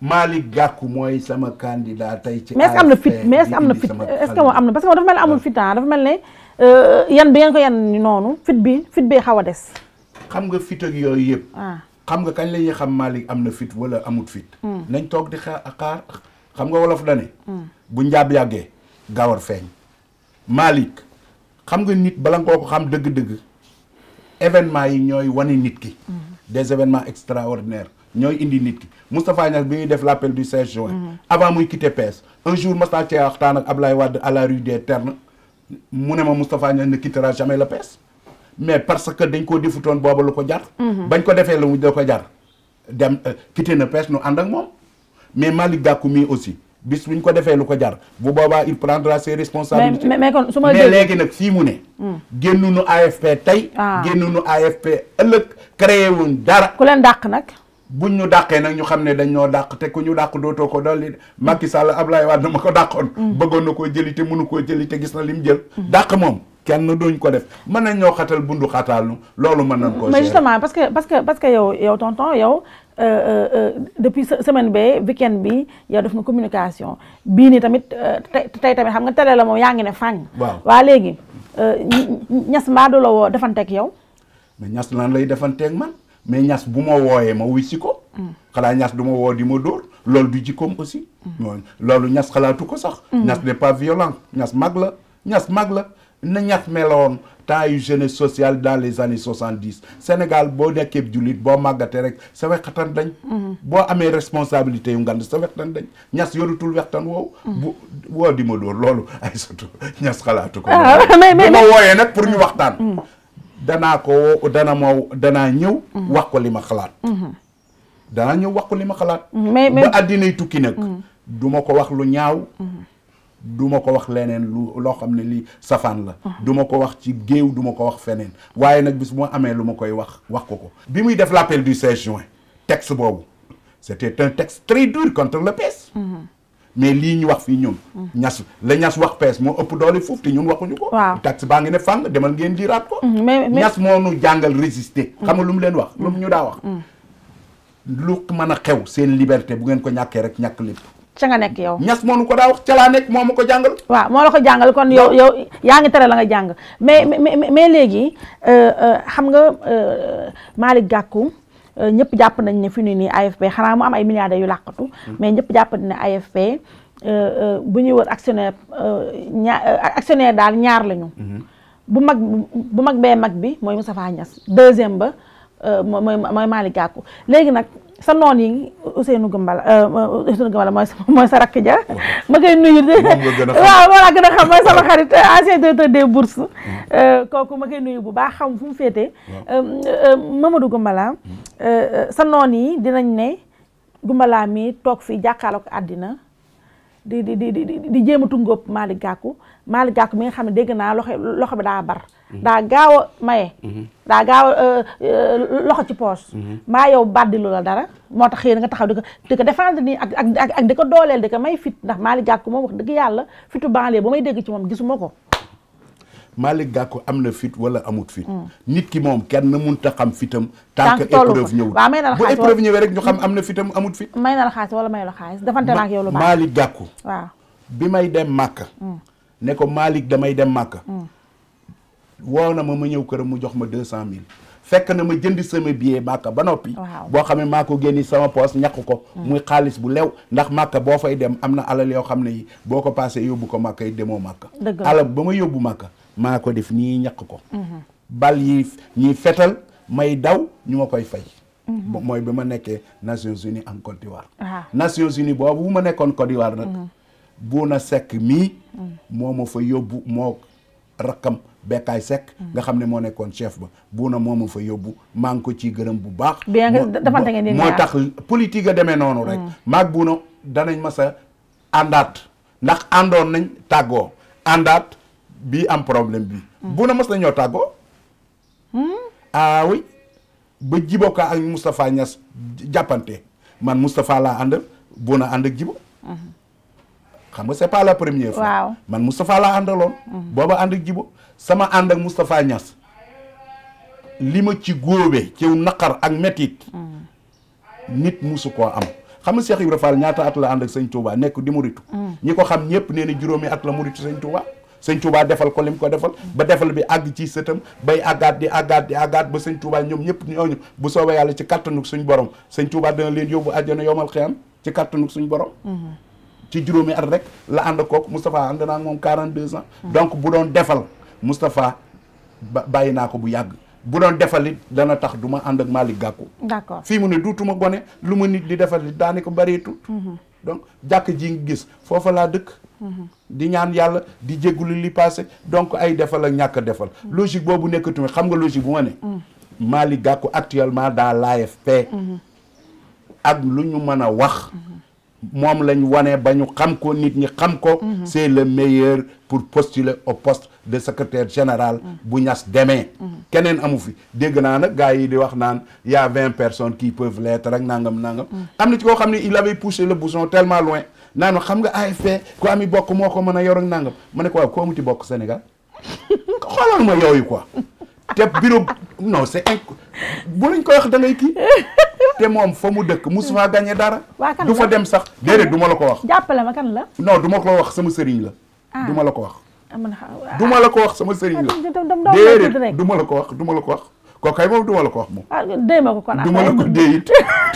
[SPEAKER 2] Malick Gakou mooy sama candidat tey ci. mais est am na fit mais est que am na fit est-ce que am
[SPEAKER 1] na parce que dafa mel ne amul fit ah, dafa mel ne euh, yan bi ngeen ko yan noonu fit bi fit bee xaw a des.
[SPEAKER 2] xam nga fit ak yooyu yëpp. Ah. xam nga kañ la xam Malick am na fit wala amut fit. Hmm. xam nga wolof dane hmm. bu njaab yàggee gawar feeñ Malick xam nga nit bala nga ko xam dëgg-dëgg événement yi ñooy wane nit ki hmm. des événements extraordinaires ñooy indi nit ki Moustapha Niass bi ñuy def l'appel du 16 juin hmm. avant muy quitter PS un jour masa cee waxtaan ak Ablaye Wade à la rue des Ternes mu ne ma Moustapha Niass ne quittera jamais le PS mais parce que dañ koo defutoon boobu lu ko jar bañ ko defee lu mu da ko jar dem euh, quitter na PS nu ànd ak moo mais mali Gakou mii aussi bis bu ñu ko defee lu ko jar bu booba il prendra ses responsabilités. mais mais kon su ma mais léegi nag fii mu ne. génn hmm. génnuñu AFP tey. Ah. génnuñu AFP ëllëg créé wuñ dara. ku leen dàq nag. buñ ñu dàqee nag ñu xam ne dañ ñoo dàq te ku ñu dàq dootoo ko dolli Macky Sall Ablaye Wade dama ko dàqoon. Hmm. bëggoon na koo jëli te mënu koo jëli te gis na lim jël. Hmm. dàq moom. kenn duñ ko def mën nañ ñoo xatal bundu xataalu loolu ma nañ ko mais justement
[SPEAKER 1] parce que parce que parce que yow yow euh, euh, euh, depuis semaine bee weekend bi yow def na communication bii nii tamit tey tamit xam nga télé la moom yaa ngi ne fànn waaw waa léegi ñas mbaa du la woo defanteeg yow
[SPEAKER 2] mais ñas lan lay defanteeg man mais ñas bu ma wooyee ma wuy si ko mm. xanaa ñas du ma woo di ma dóor loolu du jikkoom aussi mm. loolu ñas xalaatu ko sax mm. ñas n'est pas violent la ñas mag la na ñas meloon temps yu jeunesse social dans les années soixante dix Sénégal boo nekkee jullit boo màggatee rek sa wextan dañ mhm. boo amee responsabilité yu ngand sa wextan dañ ñas yorutul wextan woowu mhm. bu woo di loolu ay surtout ñas xalaatu ko ah, bu wooyee nag pour ñu mhm. waxtaan danaa ko woo dana danaa ñëw wax ko li ma xalaat danaa ñëw wax ko li ma xalaat ba àddinay tukki nag duma ko wax lu ñaaw du ma ko wax leneen lu loo xam ne li safaan la uh-huh. duma ko wax ci géew du ma ko wax feneen waaye nag bi su ma amee lu ma koy wax wax ko ko bi muy def l'appel du 16 juin texte boobu c'était un texte très dur contre le PS e uh-huh. mais lii ñu wax fii ñun uh-huh. ñas la ñas wax pees moo ëpp doole fuuf te ñun waxuñu ko tax baa ngi ne fàng demal ngeen liiraat ko
[SPEAKER 1] ñas
[SPEAKER 2] moo nu jàngal résister xam nga lu mu leen wax lu mu ñu daa wax lu mën a xew seen liberté bu ngeen ko ñàkkee rek ñàkk lépp
[SPEAKER 1] ca nga nekk yow ñas moonu ko daa wax ca nekk moo ma ko jàngal waaw moo la ko jàngal kon yow yow yaa ngi tere la nga jàng mais mais mais léegi euh, euh, xam nga euh, Malick Gakou ñëpp jàpp nañ ne fi nu nii AFP xanaa mu am ay milliardaires yu làqatu hmm. mais ñëpp jàpp nañ ne AFP bu ñuy wër actionnaire ñaar daal ñaar lañu hmm. bu mag bu mag bee mag bi mooy Moustapha Niass deuxième ba Euh, mooy mooy Malick léegi nag sa noon yi Ousseynou Gëmbal euh, Ousseynou Gëmbal mooy mooy sa rakk ja ma koy nuyu
[SPEAKER 3] waaw
[SPEAKER 1] moo la gën a xam mooy sama xarit ancien directeur des bourses hmm. euh, kooku ma koy nuyu bu baax xam fu féete Mamadou Gëmbala hmm. sa noon yi dinañ ne Gëmbala mi toog fii jàkkaarloog àddina di di di di jéem a tungóob Malick Gakou Malick Gakou mi xam ne dégg naa loxo loxo bi daa bar mhm. daa gaaw a maye mhm. daa gaaw a euh, euh, loxo ci poos mhm. maa yow baddilu la dara moo tax yéen nga taxaw di ko di ko défendre nii ak ak ak di ko dooleel di ko may fit ndax maali Gakou moom wax dëgg yàlla fitu banlieue ba may dégg ci moom gisuma ko
[SPEAKER 2] Malick Gakou am na fit wala amut fit hmm. nit ki moom kenn mun a xam fitam tant que épreuve ñëwul bu épreuve ñëwee rek ñu xam hmm. am na fitam amut fit
[SPEAKER 1] may na la xaalis wala may la xaalis defante naa ak yow lu
[SPEAKER 2] bi may dem Màkka hmm. ne ko Malick damay dem Màkka na ma ma ñëw këram mu jox ma deux cent mille fekk na ma jënd sama billet màkka ba noppi boo xam ne maa ko génni ñàkk ko muy xaalis bu lew ndax màkka boo fay dem am na alal yoo xam ne yi boo ko paasee yóbbu ko màkka yi demoo màkka ba ma yóbbu màkka maa ko def nii ñàkk ko mhm. bal yi ñuy fetal may daw ñu ma koy fay mhm. mooy bi ma nekkee Nations Unies en Côte d'Ivoire Nations Unies boobu bu ma nekkoon Côte d'Ivoire nag mhm. Bouna sekk mii moo ma fa yóbbu moo rakkam Bekkaay Seck nga xam ne moo nekkoon chef ba Bouna moo ma fa yóbbu maa ngi ko ci gërëm bu baax moo tax politique a demee noonu rek maag Bouna danañ ma sa àndaat ndax àndoon nañ tàggoo àndaat bii am problème bi bu na mos nañoo ñoo tàggoo hmm? ah ba Djibo Ka ak Moustapha Niass jàppante man Moustapha laa àndal bu na ànd ak hmm. xam nga c'est la première fois man Moustapha laa àndaloon hmm. booba ànd ak sama ànd ak Moustapha li ma ci góobee ciw naqar ak metit nit musu koo am xam nga Cheikh Ibra Fall ñaata at la ànd ak sëñ nekk di muritu ñi ko xam ñëpp nee juróomi at la muritu sëñ Touba sëñ Touba defal ko lim ko defal ba defal bi àgg ci sëtam bay àggaat di àggaat di àggaat ba sañ Touba ñoom ñëpp ñooñu bu soobee yàlla ci kàttanug suñ borom sëñ Touba dana leen yóbbu àjjana yomal xiyam ci kàttanug suñ borom mm-hmm. ci juróomi at rek la ànd kook Moustapha ànd naa moom 42 ans mm-hmm. donc bu doon defal Moustapha ba bàyyi naa ko bu yàgg bu doon defalit dana tax du ma ànd ak Malick Gakou fii mu ne duutuma gone lu ma nit di defalit daanaka bëreetut mm-hmm. donc jàkk ji ngi gis foofa laa dëkk di ñaan yàlla di jéggulu li passé donc ay defal ak ñàkk defal logique boobu nekkatuma xam nga logique bu ma ne Malick Gakou actuellement dans l'AFP ak lu ñu mën a wax moom lañu wane ba ñu xam ko nit ñi xam ko c'est le meilleur pour postuler au poste de secrétaire général bu ñas demee keneen amu fi dégg naa nag gars yi di wax naan y a vingt personnes qui peuvent l'être rek nangam nangam am na ci koo xam ne il avait poussé le bouchon tellement loin naan xam nga AFP ku ami bokk moo ko mën a yor ak nangam ma ne ko waaw ku amuti bokk Sénégal xoolal ma yooyu ko te bureau non c'est bu lañ ko wax da ngay kii te moom foo mu dëkk mosu faa gagné dara.
[SPEAKER 1] du fa dem sax
[SPEAKER 2] déedéet du la ko wax.
[SPEAKER 1] jàppale ma kan la.
[SPEAKER 2] ko wax sama sëriñ la. du ma la ko wax. duma la ko wax sama sëriñ
[SPEAKER 1] la.
[SPEAKER 2] la ko wax du la ko wax. kooku ay moom duma la ko wax moom. ah
[SPEAKER 1] dee ma ko kon ko dee
[SPEAKER 2] it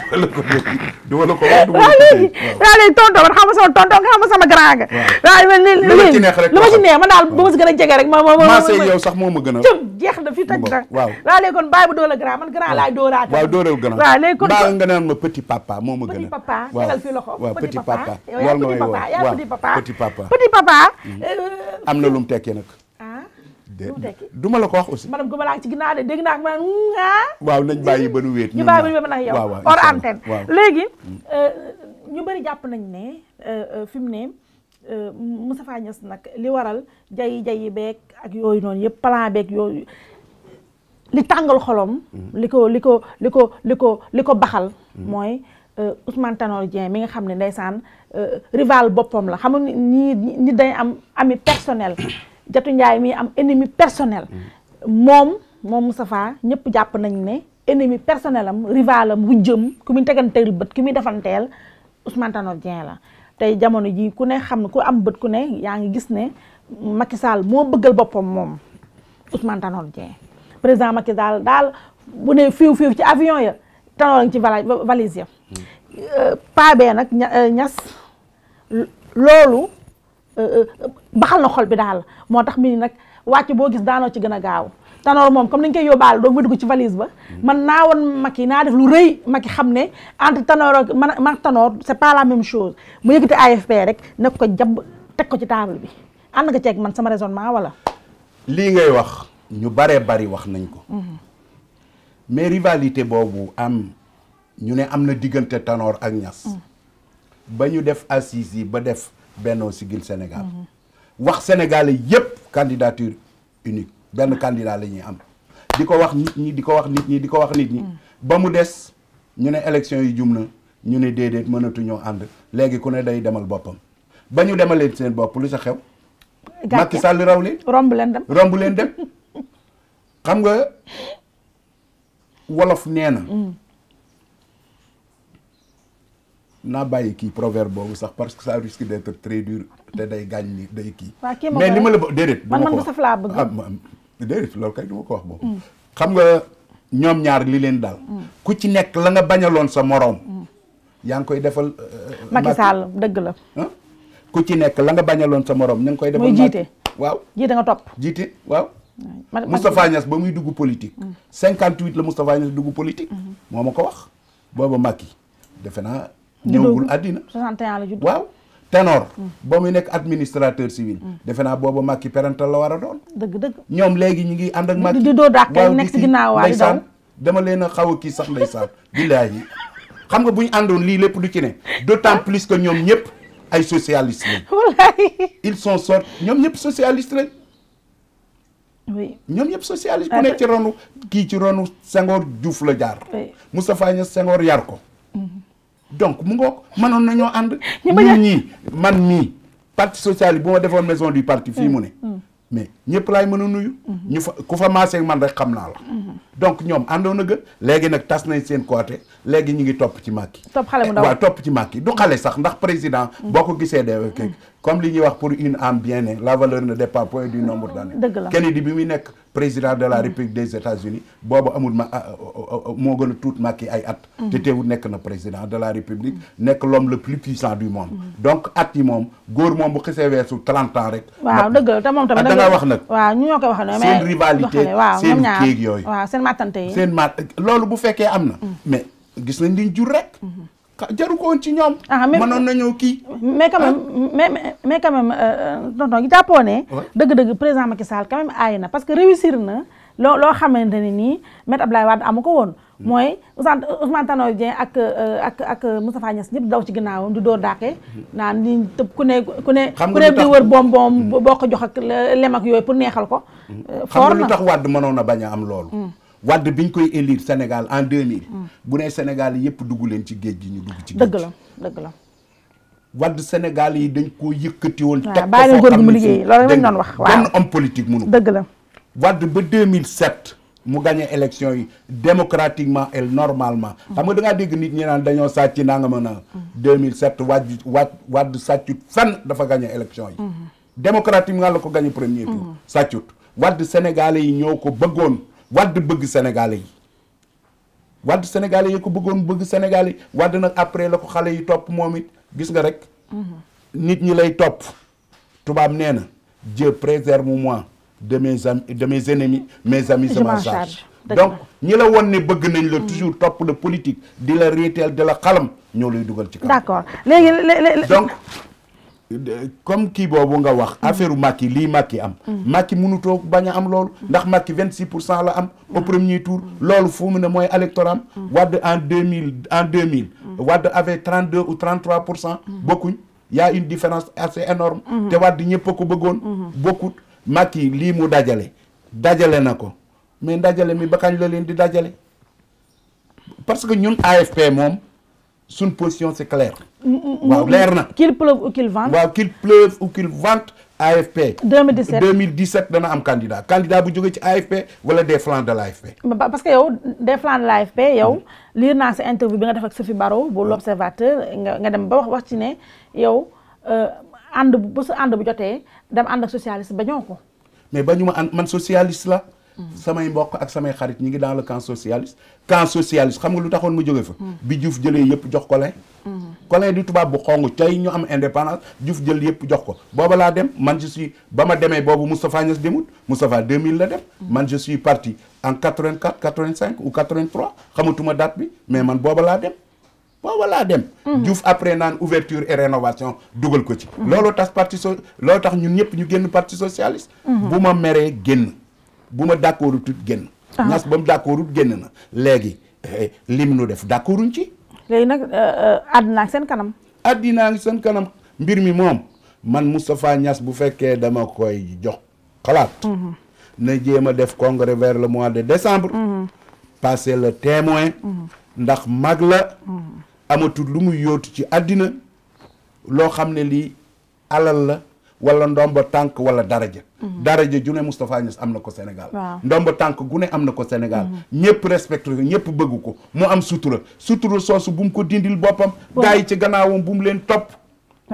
[SPEAKER 2] duma la ko dee duma la ko wax duma la ko dee
[SPEAKER 1] waaw léegi tonton sama tonton nga ma ci neex lu ma si gën a jege rek. ma ma ma ma ma yow
[SPEAKER 2] sax moo ma gën a. jëm
[SPEAKER 1] jeex na fi toj na waaw. waaw léegi kon bàyyi ma dóor la grand man grand
[SPEAKER 2] laay ma petit papa moo ma gën a. petit papa tegal fii loxo waaw petit papa. yow yaa petit papa yaa petit
[SPEAKER 1] mm-hmm. euh, am na lu mu
[SPEAKER 2] tekkee nag du ma la ko wax aussi. maanaam
[SPEAKER 1] du ma laa ci ginnaaw de dégg naa ak maanaam ah.
[SPEAKER 2] waaw nañ bàyyi ba nu wéet. ñu bàyyi ba nu wéet yow hors
[SPEAKER 1] antenne. léegi mm. euh, ñu bëri jàpp nañ ne euh, euh, fi mu ne Moustapha nag li waral jayi jayi beeg ak yooyu noonu yëpp plan beeg yooyu li tàngal xolom mm. li ko li ko li ko li ko li ko baxal. Mm. mooy Ousmane Tanor Dieng mi nga xam ne ndeysaan rival boppam la xam nga ni nit day am ami personnel. Jatu Njaay mi am ennemi personnel. moom moom Moustapha ñëpp jàpp nañ ne ennemi personnel am rival am wujjam ku muy teganteel bët ku muy defanteel Ousmane Tanor Dieng la. tey jamono ji ku ne xam ne ku am bët ku ne yaa ngi gis ne Macky Sall moo bëggal boppam moom Ousmane Tanor Dieng président Macky Sall daal bu ne fiiw fiiw ci avion ya Tanor ci valise ya mm. euh, paa nag ñas euh, loolu. Euh, euh, baxal na xol bi daal moo tax mi ni nag wàcc boo gis daanoo ci gën a gaaw tanoor moom comme dañ koy yóbbaale doog ma dugg ci valise ba man naa woon Macky naa def lu rëy Macky xam ne entre tanoor ak man ak tanoor c'est pas la même chose mu yëkkati AFP ko jàpp teg ko ci table bi ànd nga man sama raisonnement wala
[SPEAKER 2] ngay wax ñu baree bari wax nañ ko mhm. mais boobu am ne am na diggante tanoor ak ñas mhm. ba ñu def assise yi ba def Benno Siggil Sénégal wax sénégalais yëpp candidature unique benn candidat la ñuy am di ko wax nit ñi di ko wax nit ñi di ko wax nit ñi ba mu des ñu ne élection yi jum na ñu ne déedéet mënatuñoo ànd léegi ku ne day demal boppam ba ñu demal leen seen bopp lu sa xew Macky Sall raw leen romb leen dem romb leen dem xam nga wolof nee na mm. naa bàyyi kii proverbe boobu sax parce que ça risque d' être très dur te day gaañ ni day kii. mais ni ma la déedéet. man man bu saf laa bëgg ah, déedéet loolu kay du ma ko wax boobu. Mm. xam nga ñoom ñaar li leen daal. Mm. ku ci nekk la nga bañaloon sa moroom. Mm. yaa ngi koy defal. Euh, Macky Sall dëgg la. ku ci nekk la nga bañaloon sa moroom ña ngi koy. defal muy jiite waaw. jiite nga topp jiite waaw. Moustapha Niass ba muy dugg politique. 58 la Moustapha Niass dugg politique. Mm-hmm. moo ma ko wax booba Macky defe naa. ñëwagul àddina
[SPEAKER 1] 61 la judd waaw ténor mm.
[SPEAKER 2] ba muy nekk administrateur civil mm. defe naa booba Macky parental la war a doon dëgg dëgg ñoom léegi ñu ngi ànd ak di doo dàqee nekk si ginnaaw waay ndeysaan dama leen a xaw a kii sax ndeysaan billaahi xam nga bu ñu àndoon lii lépp du ci ne d'autant plus que ñoom ñëpp ay socialiste lañ wallaay ils sont ñoom ñëpp socialiste lañ oui ñoom ñëpp socialiste ah, nekk ci ronu kii ci ronu Senghor Diouf la jaar Moustapha Niasse Senghor yar ko donc mu ngoog mënoon nañoo ànd. ñun ñii man mii parti social yi bu ma defoon maison du parti fii mu ne. Mm. Mm. mais ñëpp laay mën a nuyu. Mm-hmm. ñu fa ku fa maasee man rek xam naa la. Mm-hmm. donc ñoom àndoon na gën léegi nag tas nañ seen côté léegi ñu ngi topp ci Macky.
[SPEAKER 1] topp xale mu ndaw
[SPEAKER 2] topp ci Macky du xale sax ndax président. Mm. boo ko gisee de comme li ñuy wax pour une âme bien née la valeur ne dépend point du nombre ah, d'années. dëgg la Kennedy bi muy nekk président de la République des États-Unis boobu amul ma ah, oh, oh, oh, moo gën a tuut Macky ay at. Mm-hmm. te teewul nekk na président de la République nekk l'homme le plus puissant du monde. Mm-hmm. donc at yi moom góor bu xasee weesu 30 ans rek. waaw dëgg
[SPEAKER 1] la te moom tamit ah, seen rivalité seen kéeg yooyu. waaw seen matante yi seen
[SPEAKER 2] mat loolu bu fekkee am na. Mm. mais gis nañ jur rek. Mm-hmm.
[SPEAKER 1] jaru ko woon ci ñoom. ah mais mënoon nañoo kii. mais quand même ah. mais mais quand même euh, euh, tonton gi jàppoo ne. dëgg-dëgg président Macky Sall quand même aay na parce que réussir na loo loo xamante ne nii maître Abdoulaye Wade amu ko woon. Hmm. mooy Ousmane Ousmane Tanor euh, ak ak ak Moustapha Niass daw ci ginnaawam di door daake hmm. naan ni tëb ku ne ku
[SPEAKER 2] ne. ku ne wër boom
[SPEAKER 1] boom hmm. bokk ko jox ak lem ak yooyu pour neexal ko. fort na xam nga
[SPEAKER 2] lu tax a bañ a am loolu. Wade biñ koy élire Sénégal en 2000. bu nee Sénégal yëpp dugg leen ci géej gi ñu dugg ci géej dëgg la dëgg la. Wade Sénégal yi dañ ko yëkkati woon. waaw ko góor gi mu liggéey loolu lañ doon wax waaw benn homme politique mënu dëgg la Wade ba 2007. mu gagné élection yi démocratiquement normalement. xam nga da dégg nit ñi naan dañoo sàcc naa nga mën a. 2007 wàjj wàjj wàdd sàccut fenn dafa gagné élection yi. Mhm. démocratiquement la ko gagné premier tour. Mhm. sàccut wàdd sénégalais yi ñoo ko bëggoon. Wade bëgg Sénégalais yi Wade Sénégalais yi ko bëggoon bëgg Sénégalais yi Wade nag après la ko xale yi topp moom it gis nga rek. Mhm. nit ñi lay topp. tubaab nee na Dieu préserve moi de mes am de mes ennemis mes amis je m'en donc ñi la woon ne bëgg nañ la mhm. toujours topp la politique di la réetal di la xalam ñoo lay dugal ci kaw. comme kii boobu nga wax affaire Macky lii Macky am Macky mënutoo bañ a am loolu ndax Macky vingt six pour cent am au premier tour loolu fu mu ne mooy électorat am Wade deux mille en deux mille deux ou trente trois pour cent bokkuñ y a une différence assez énorme te Wade ñëpp a ko bëggoon bokkut Macky lii mu dajale dajale na ko mais dajale mi ba kañ di dajale parce que ñun AFP moom suñ position c'est clair.
[SPEAKER 1] waaw leer na qu'il pleuve ou qu'il vente. waaw
[SPEAKER 2] qu'il pleuve ou qu'il vente AFP. 2017 2017 dana am candidat candidat bu jógee ci AFP wala des flancs de l'AFP.
[SPEAKER 1] parce que yow des flancs de l'AFP yow hmm. liir naa sa interview bi nga def ak fi Barro bu hmm. l'observateur nga dem ba wax wax ci ne yow euh, ànd bu su ànd bu jotee dem ànd ak socialiste bañoo ko.
[SPEAKER 2] mais bañu ma man socialiste la. samay mbokk ak samay xarit ñi ngi dans le camp socialiste camp socialiste xam nga lu taxoon mu jóge fa bi Diouf jëlee yëpp jox Collin Collin di tubaab bu xong coy ñu am indépendance Diouf jël yëpp jox ko booba laa dem man je suis ba ma demee boobu Moustapha Niass demut Moustapha 2000 la dem man je suis parti en 84 85 ou 83 xamatuma date bi mais man booba laa dem booba laa dem Diouf après naan ouverture et rénovation dugal ko ci loolu tax parti so looloo tax ñun ñëpp ñu génn parti socialiste bu ma meree génn bu ma d'accord tut génn ah. ñas ba mu d'accord génn na léegi eh, lim nu def d'accorduñ ci
[SPEAKER 1] léegi nag euh, euh, àddinaa ngi seen kanam
[SPEAKER 2] àddinaa seen kanam mbir mi moom man Moustapha Niass bu fekkee dama koy jox xalaat mhm. na jéem a def congrès vers le mois de décembre mhm. passer le témoin mhm. ndax mag la amatul lu muy yootu ci àddina loo xam ne lii alal la wala ndomba tànk wala daraja mhm. daraja ju ne Moustapha Niass am na ko Sénégal ndomba tànk gu ne am na ko Sénégal mhm. ñëpp respecté ko ñëpp bëgg ko mu am sutura sutura soosu bu mu ko dindil boppam gars yi ci gannaawam bu mu leen topp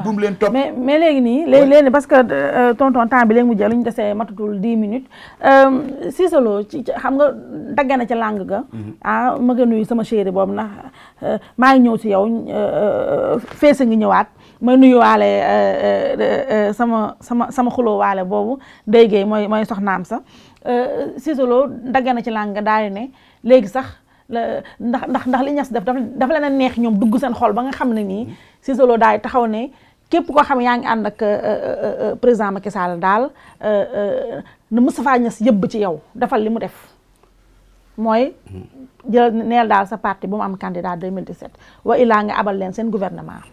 [SPEAKER 1] bu mu leen topp mais mais léegi nii léegi léegi parce que euh, tonton temps bi léegi mu jël lu ñu desee matatul dix minutes euh, Cissé Lo ci xam nga dagg na ci langue ga mhm. ah ma nga nuyu sama chéri boobu na euh, maa ngi ñëw si yow fees a ngi ñëwaat ma nuyuwaale euh, euh, euh, sama sama sama waale boobu Ndeye Gueye mooy mooy soxnaam sa Cissé Lo dagg na ci làng daal di ne léegi sax ndax ndax ndax li ñas def dafa leen a neex ñoom dugg seen xol ba nga xam ne nii Cissé Lo daal taxaw ne képp koo xam yaa ngi ànd ak président Macky Sall daal na Moustapha Niass yëbb ci yow defal li mu def mooy jël neel daal sa parti bu mu am candidat 2017 wa illaa nga abal leen seen gouvernement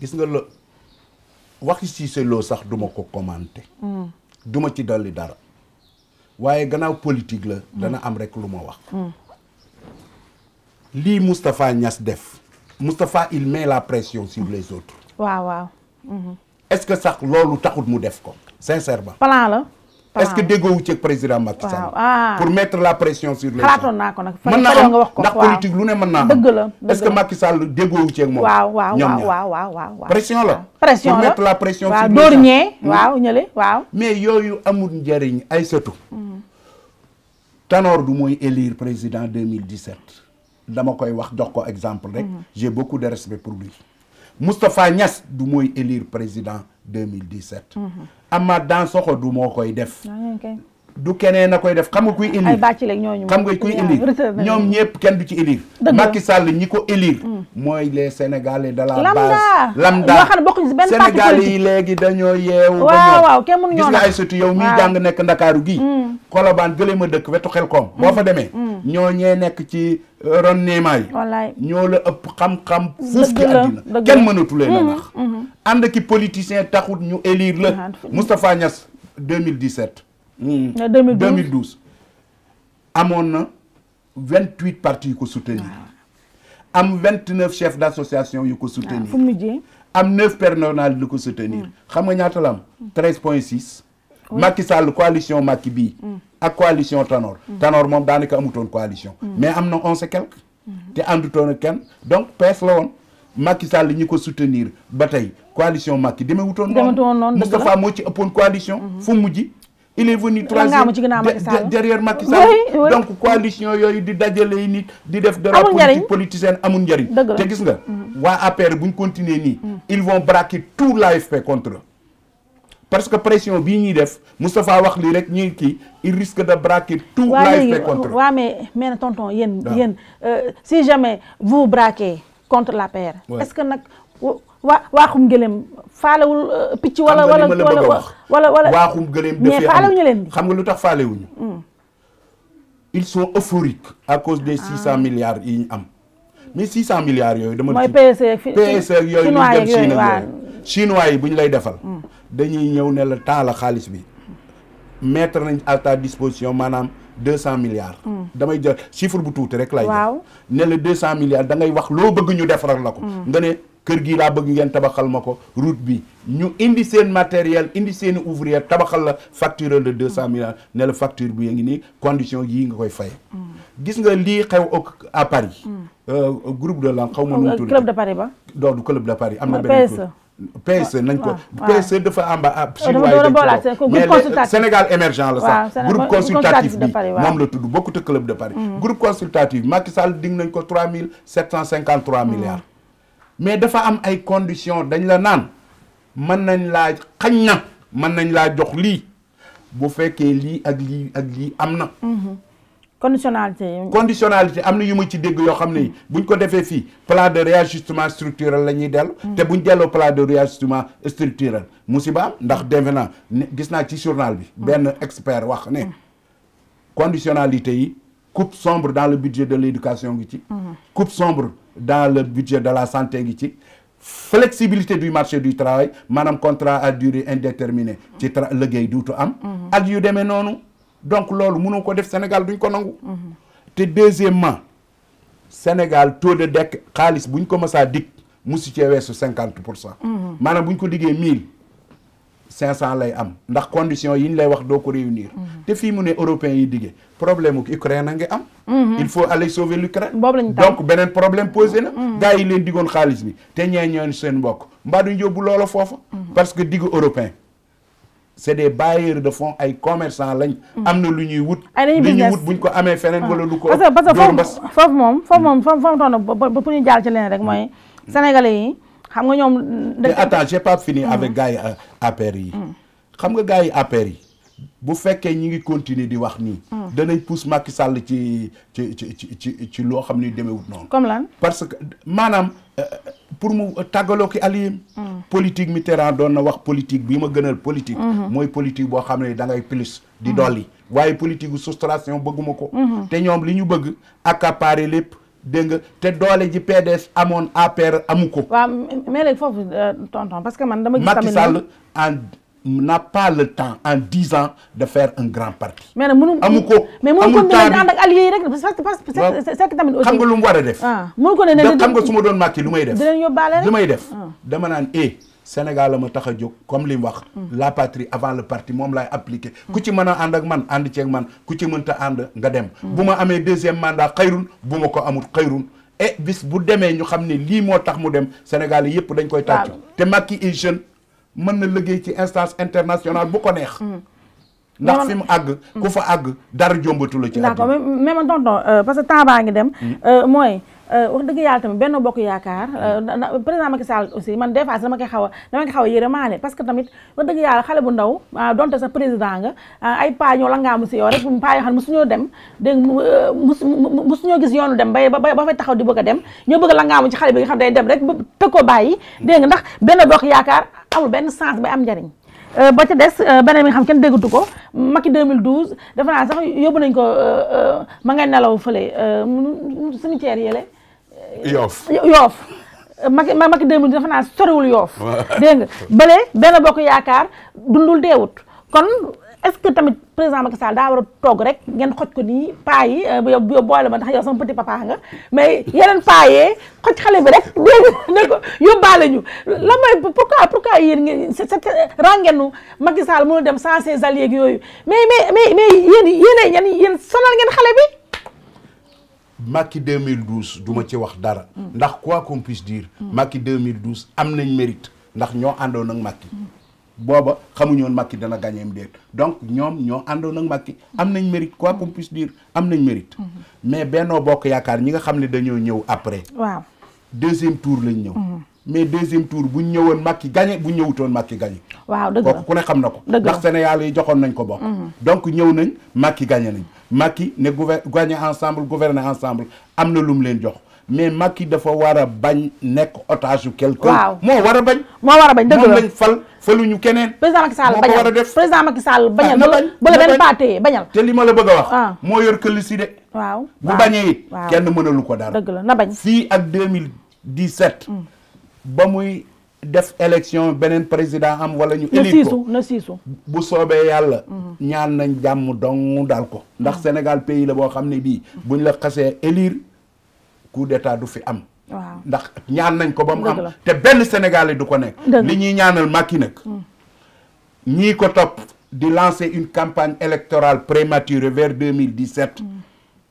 [SPEAKER 2] gis nga lo waxi Cissé Lo sax duma ko commenté hmm. duma ci dolli dara waaye gannaaw politique la hmm. dana am rek lu ma wax hmm. lii Moustapha Niass def Moustapha il met la pression sur les autres waaw waaw est-ce que sax loolu taxut mu def ko sincèrement
[SPEAKER 1] plan est que
[SPEAKER 2] déggoowu ci président Macky Sall ah. pour mettre la pression sur les gens
[SPEAKER 1] naa ko nag mën naa am ndax politique
[SPEAKER 2] lu ne mën naa am dëgg la est ce que Macky Sall déggoowu ci moom waaw waaw
[SPEAKER 1] waaw waaw pression
[SPEAKER 2] la pression la pour mettre la pression sur les gens dóor ñee hmm? mais yooyu amul njëriñ ay sëtu hmm. Tanor du mooy élire président deux mille 2017 dama koy wax jox ko exemple rek hmm. j'ai beaucoup de respect pour lui Moustapha Niass du mooy élire président 2017 Amath Dansokho du moo koy def. Ah, du keneen a koy def xam nga kuy élire ay bàcc
[SPEAKER 1] la ñooñu xam nga kuy élire ñoom
[SPEAKER 2] ñëpp kenn du ci élire Macky Sall ñi ko élire mm. mooy les sénégalais de la base lambda yoo yi léegi dañoo yeewu waaw waaw kenn mënu ñoo gis nga ay surtout yow miy jàng nekk ndakaaru gii mm. Colobane gëlee ma dëkk wetu xel koom boo fa mm. demee ñoo ñee nekk ci euh, ron yi wallaay la ëpp xam-xam fuuf ci àddina kenn mënatu leen a mm-hmm, nax mm-hmm. ànd ki politicien taxut ñu élire la ah, Moustapha Niass 2012 mm. mm. mm. amoon na vingt huit partis yu ko soutenir am vingt neuf chefs d'association yu ko soutenir fu mujjee am neuf personnalités yu ko soutenir xam nga ñaata la am treize point six Macky Sall coalition Macky bii ak coalition Tanor Tanor moom daanaka amutoon coalition mais am na onze et quelque te àndutoon ak kenn donc PS la woon Macky ñi ko soutenir ba tey coalition Macky demee wutoon noonu Moustapha moo ci ëppoon coalition mm-hmm. fu mujj il est venu troisième derrière Macky donc coalition yooyu di dajale yi nit di def de la politique politicienne amul njëriñ te gis nga mhm. waa APR buñ continuer nii mhm. ils vont braquer tout l'AFP contre parce que pression bii ñuy def Moustapha wax lii rek ñuy kii il risque de braquer tout l'AFP contre eux waaw
[SPEAKER 1] mais na tonton yéen yéen euh, si jamais vous braquez contre l'APR est-ce que nag waa waaxum gëlëm faalewul euh, picc. wala wala
[SPEAKER 2] wala wala waaxum gëlëm. mais faalewuñu leen di xam nga lu tax faalewuñu. Hmm. ils sont euphoriques à cause des cent ah. milliards yi ñu am. mais 600 milliards yooyu. dama e
[SPEAKER 1] e yooyu ñu yooyu
[SPEAKER 2] chinois yi bu ñu lay defal. Hmm. dañuy ñëw ne la temps la xaalis bi. mettre nañ à ta disposition maanaam 200 milliards. Hmm. damay jël chiffre bu tuuti rek. lay def ne la 200 milliards da ngay wax loo bëgg ñu defaral la ko. nga ne. kër gi laa bëgg ngeen tabaxal ma ko route bi ñu indi seen matériel indi seen ouvrier tabaxal la facture de deux cent mille ne la facture bi ngi nii condition yii nga koy fay gis nga lii xew à Paris mm. euh, groupe de lan xaw ma nu mu euh, club de Paris ba doo du club de Paris am na benn PSE e, nañ ko PSE dafa amba ah, oh, la sax groupe consultatif bi moom la tudd bokkut club de Paris mm. groupe consultatif Macky Sall dig nañ ko trois mille sept cent mais dafa am ay conditions dañ la naan mën nañ laa xañ na mën nañ laa jox lii bu fekkee lii ak lii ak lii am na.
[SPEAKER 1] Mhm. conditionnalité
[SPEAKER 2] conditionalité am na yu ma ci dégg yoo xam ne buñ ko defee fii plan de réajustement structurel la ñuy dellu. Mhm. te buñ delloo plan de réajustement structurel musiba am ndax defe naa gis naa ci journal bi. Mhm. benn expert wax ne. conditionnalité yi coupe sombre dans le budget de l'éducation gi ci. coupe sombre. dans le budget de la santé gi ci flexibilité du marché du travail maanaam contrat à durée indéterminée ci tra liggéey duutu am mhm. ak yu demee noonu donc loolu mënu ko def Sénégal duñ ko nangu mhm. te deuxièmement Sénégal taux de kaalis bu buñ ko mësaa dikk musu cee weesu cinquante pour cent mhm. maanaam buñ ko diggee mille cinq cent lay am ndax condition yi ñu lay wax doo ko réunir mhm. te fii mu ne européens yi diggee problème Ukraine a am mhm. il faut aller sauver l'Ukraine donc beneen problème posé na mhm. gars leen diggoon xaalis bi te ñee ñoon seen mbokk mbaa duñ ñuy wut. buñ ko amee feneen ah. wala lu ko. parce moom
[SPEAKER 1] foofu moom foofu moom foofu moom ñu jàll ci leneen rek mooy sénégalais yi. xam nga ñoom. mais attends
[SPEAKER 2] j'ai pas fini mm. avec gars yi euh, APR yi. Mm. xam nga gars yi APR yi. bu fekkee ñi ngi continuer di wax nii. Mm. danañ pousse Macky Sall ci ci ci ci ci loo xam ni demewut noonu. comme lan parce que maanaam euh, euh, pour mu tàggaloo ki allié. politique Mitterrand doon na wax politique bi ma gënal politique. Mm-hmm. mooy politique boo xam ne da ngay plus di mm-hmm. dolli. waaye politique gu soustraction bëgguma ko. Mm-hmm. te ñoom li ñu bëgg accaparer lépp. dégg nga te doole ji PDS amoon APR amu ko. waaw
[SPEAKER 1] mais léegi foofu euh, tonton parce que man dama gis. tamit Macky Sall
[SPEAKER 2] en n'a pas le temps en dix ans de faire un grand parti.
[SPEAKER 1] mais nag mënu amu ko mais mënu ko ne ànd ak alliés yi rek parce tamit. xam nga lu mu a def. Ah, mënu ko ne ne xam nga su ma
[SPEAKER 2] doon Macky lu may def. dinañ
[SPEAKER 1] yóbbaale rek may def ah.
[SPEAKER 2] dama naan eh. Sénégal la ma tax a jóg comme li mu wax. Mm. la patrie avant le parti moom laay appliqué. Mm. ku ci mën a ànd ak man ànd ceeg man ku ci mënta ànd nga dem. Mm. bu ma amee deuxième mandat xayrun bu ma ko amul xayrun et bis bu demee ñu xam ne lii moo tax mu dem Sénégal yëpp dañ koy tàccu. te Macky est jeune mën na liggéey ci instance internationale bu ko neex. ndax fi mu àgg. ku fa àgg dara jombatu la ci. d'accord
[SPEAKER 1] mais mais man tonton euh, parce que temps baa ngi dem. Euh, mooy. Euh, wax dëgg yàlla tamit benn bokk yaakaar euh, hmm. président Macky Sall aussi man des fois dama koy xaw a dama koy xaw a yërëmaane parce que tamit wax dëgg yàlla xale bu ndaw ah, donte sa président nga ah, ay paa ñoo la ngaamu si yow rek paa yoo xam ne mosuñoo dem dégg euh, mosuñoo gis yoonu dem ba ba fay taxaw di bëgg a dem ñoo bëgg la ngaamu ci xale bi nga xam day dem rek tëg ko bàyyi hmm. dégg nga ndax benn bokk yaakaar amul benn sens bay am njariñ ba ca des beneen bi nga xam kenn déggatu ko Macky 2012 dafa naa sax yóbbu nañ ko ma ngay nelaw fële cimetière yële
[SPEAKER 3] yoof yoof
[SPEAKER 1] Macky Macky 2000 dafa naa soriwul yoof dégg nga bële benn bokk yaakaar dundul deewut kon est-ce que tamit président Macky Sall daa war a toog rek ngeen xoj ko ni paa yi euh, yow boole ma ndax yow sama petit papa nga mais yeneen paa yee xoj xale bi rek dégg ne ñu la mooy pourquoi pourquoi yéen ngeen c'est ràngeenu Macky Sall mënul dem sans ses alliés yooyu mais mais mais mais yéen sonal ngeen xale bi
[SPEAKER 2] Macky 2012 du ma ci wax dara. ndax quoi qu'on puisse dire. mille 2012 am nañ mérite ndax ñoo àndoon ak Macky. booba xamuñu woon Macky dana gagné déet donc ñoom ñoo àndoon ak Macky am nañ mérite quoi qu'on puisse dire am nañ mérite. mais Benno Bokk Yaakaar ñi nga xam ne dañoo ñëw après. waaw deuxième tour lañ ñëw. Mhm. mais deuxième tour bu ñu ñëwoon Macky gagné bu ñu ñëwutoon Macky gagné. waaw dëgg la ku ne xam na ko. dëgg la ndax Sénégal yi joxoon nañ ko bokk. Mhm. donc ñëw nañ Macky gagné nañ. Macky ne gouver gagner ensemble gouverner am na lu mu leen jox mais Macky dafa war a bañ nekk otage yu quelque waaw moo war a bañ moo war a bañ dëgg la moom lañ fal keneen président Macky Sall bañal moo war a def président Macky Sall ah, bañal bu la benn paatee bañal te li la bëgg a ah. moo yor këlli si de
[SPEAKER 1] waaw bu bañee it kenn
[SPEAKER 2] mënalu ko dara dëgg la na bañ fii ak 2017 mm. ba muy def élection beneen président am wala ñu élire ko na siisu bu soobee yàlla mhm. ñaan nañ jàmm dong daal ko ndax mhm. Sénégal pays la boo xam ne bii mhm. buñ la xasee élire coup d'état du fi am ndax ñaan nañ ko ba mu am te benn Sénégalais du ko nekk li ñuy ñaanal Macky nag ñii ko topp di lancer une campagne électorale prématurée vers 2017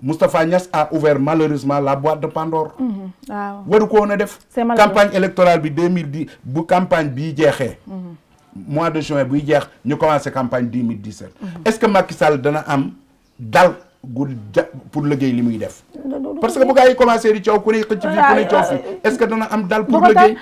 [SPEAKER 2] Moustapha Niass a ouvert malheureusement la boîte de Pandore.
[SPEAKER 3] Mm-hmm. waaw
[SPEAKER 2] waru ko woon a def. campagne électorale bi mille dix bu campagne bii jeexee.
[SPEAKER 3] Mm-hmm.
[SPEAKER 2] mois de juin buy jeex ñu commencé campagne deux mille dix mm-hmm. est-ce que Macky Sall dana am dal pour liggéey li muy def. parce que bu gaa yi di coow ku ne xëcc fii ku ne coow fii est-ce que dana am dal pour liggéey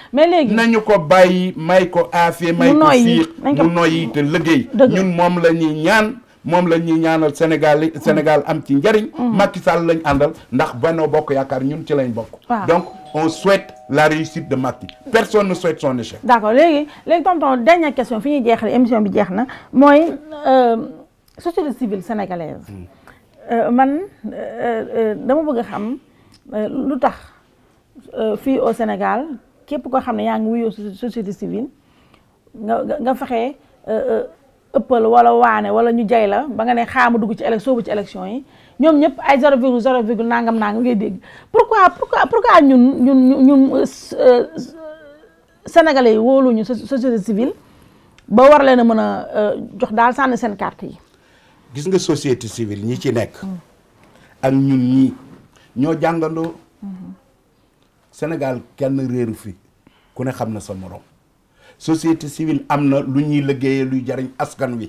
[SPEAKER 2] nañu ko bàyyi may ko aafee may ko fiix mu noyyi te liggéey ñun moom la ñuy ñaan moom la ñuy ñaanal Sénégal mm. Sénégal am ci njëriñ. Mm. Macky Sall lañ àndal ndax Benno Bokk Yaakaar ñun ci lañ bokk. donc on souhaite la réussite de Macky personne ne souhaite son échec.
[SPEAKER 1] d' accord léegi léegi tonton dernière question fi ñuy jeexalee émission bi jeex na mooy euh, société civile sénégalaise. Mm. Euh, man euh, dama bëgg a xam lu tax fii au Sénégal képp koo xam ne yaa ngi wuyoo société civile nga nga fexe. ëppal wala waane wala ñu jay la ba nga ne xaama dugg ci élection ci élection yi ñoom ñëpp ay zéro virgule zéro virgule nangam nangam ngay dégg pourquoi pourquoi pourquoi ñun ñun ñun euh, euh, sénégalais yi wóoluñu société civile ba war leen mën a euh, jox daal sànni seen carte yi
[SPEAKER 2] gis nga société civile ñi ci nekk ak ñun ñii ñoo jàngandoo mm-hmm. Sénégal kenn réeru fi ku ne xam na sa morom société civile am na lu ñuy liggéeyee luy jariñ askan wi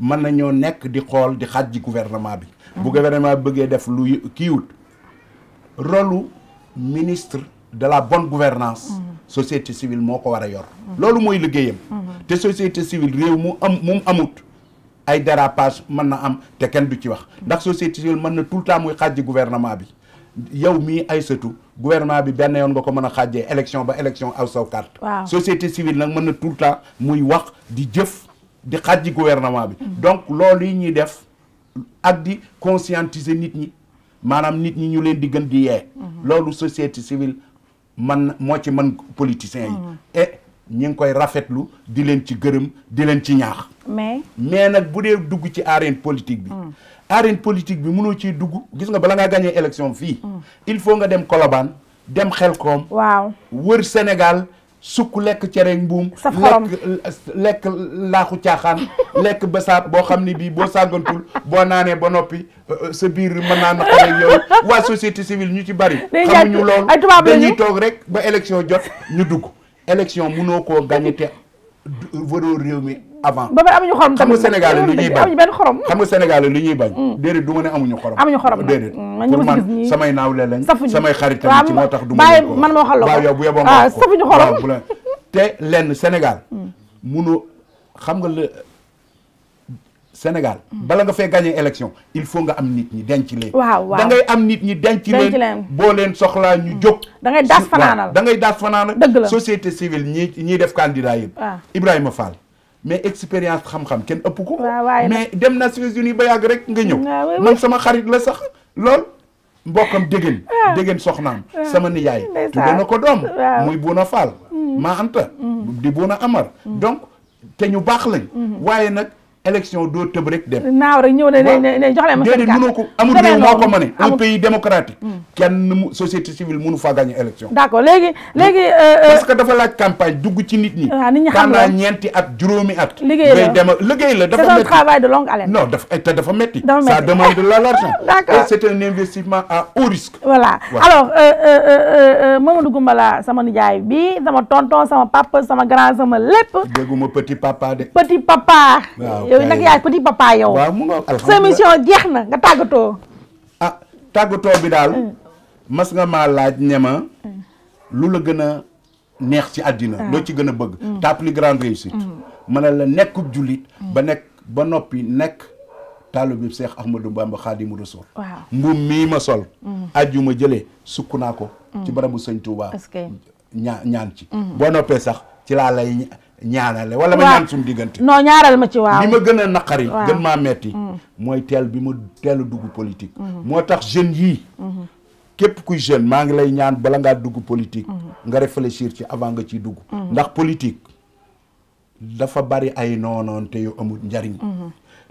[SPEAKER 2] mën nañoo nekk di xool di xaaj ji bi bu mhm. gouvernement bi bëggee def lu kiiwut rôlu ministre de la bonne gouvernance mhm. société civile moo ko war a yor mhm. loolu mooy liggéeyam te société civile réew mu am mu amut ay dérapage mën na am te kenn du ci wax ndax société civile mën na tout le temps muy xaaj ji bi yow mii ay sëtu gouvernement bi benn yoon nga ko mën a xaajee élection ba élection aw saw carte société civile nag mën na tout le temps muy wax di jëf di xaaj gouvernement bi mm-hmm. donc loolu yi ñuy def ak di conscientiser nit ñi maanaam nit ñi ñu leen di gën di yee mm-hmm. loolu société civile man moo ci man politiciens yi mm-hmm. et eh, ñi ngi koy rafetlu di leen ci gërëm di leen ci ñaax mais mais nag bu dee dugg ci arène politique bi mm. arène politique bi mënoo ciy dugg gis nga bala ngaa gagné élection fii. il faut nga dem kolobaan dem xel Xelkom. waaw wër Sénégal. sukk lekk cere mbuum lekk lekk laaxu caaxaan lekk basaab boo xam ne bii boo sàggantul boo naanee ba noppi euh, euh, sa biir mën naa na xare yow waa société civile ñu ci bari xamuñu loolu dañuy toog rek ba élection jot ñu dugg élection mënoo koo gagné te waroo réew mi avant ba am amuñu xorom tamit Sénégal lu ñuy bañ amuñu benn xorom xam nga Sénégal lu ñuy bañ mm. déedéet du ma ne amuñu xorom amuñu xorom déedéet pour mm, man samay naawle lañ samay xarit tamit ci moo tax ni ma man moo xal la waaw yow bu yeboo nga ah, safuñu xorom te lenn Sénégal mm. munu xam nga le Sénégal bala nga fee gagné élection il faut nga am nit ñi denc leen waaw da ngay am nit ñi denc leen boo leen soxlaa ñu jóg da ngay daas fanaanal da ngay daas fanaanal dëgg la société civile ñi ñiy def candidat yëpp ah. Ibrahima Fall mais expérience xam-xam kenn ëpp ko. mais dem Nations Unies ba yàgg rek nga ñëw. man sama xarit la sax lool. mbokkam dégén ah. dégén soxnaam ah. sama nijaay tudde na ko doom muy Bouna Fall mm. maa anta mm. di Bouna Amar mm. donc te ñu baax lañ mm-hmm. waaye nag élection doo tëb rek dem.
[SPEAKER 1] naaw rek ñëw ne ne ne jox leen ma seen
[SPEAKER 2] carte ko amul réew moo ko mane un pays démocratique. Mm. kenn mu société civile mënu faa gagné élection. d' léegi léegi. Euh, parce euh, que dafa laaj campagne dugg ci nit ñi. waaw ah, nit ñi xam ñeenti at juróomi at. liggéey la dem liggéey la dafa métti de longue haleine. non dafa te dafa métti. dafa métti ça demande l' argent. d' accord et c' est un investissement à haut
[SPEAKER 1] euh, sama nijaay bi sama tonton sama papa sama grand sama lépp.
[SPEAKER 2] dégguma petit papa de. petit papa. yow nag yaay petit papa yow. waaw mu nga alhamdulilah sa émission jeex na nga tàggatoo. ah tàggatoo bi daal. Mm. mas nga maa laaj ne ma mm. lu la gën a neex ci àddina. Ah. loo ci gën a bëgg. Mm. ta plus grande réussite. ma la nekkub jullit. ba nekk ba noppi nekk. taalibe bi Seex Ahmadou Bamba Xaadimu Rasuul. waaw mii ma sol. àjjuma jëlee sukk naa ko. ci barabu sëñ Touba. ñaan ci. boo noppee sax ci laa lay ñaanale wala ma ñaan suñu diggante. non
[SPEAKER 1] ñaaral ma ci waaw li ma gën
[SPEAKER 2] a naqari. gën maa metti mm. mooy teel bi ma teel a dugg politique. Mm-hmm. moo tax jeunes yii. Mm-hmm. képp kuy jeune maa ngi lay ñaan bala ngaa dugg politique. Mm-hmm. nga réfléchir ci avant nga ciy dugg. ndax politique dafa bari ay noonoon te yu amul njariñ.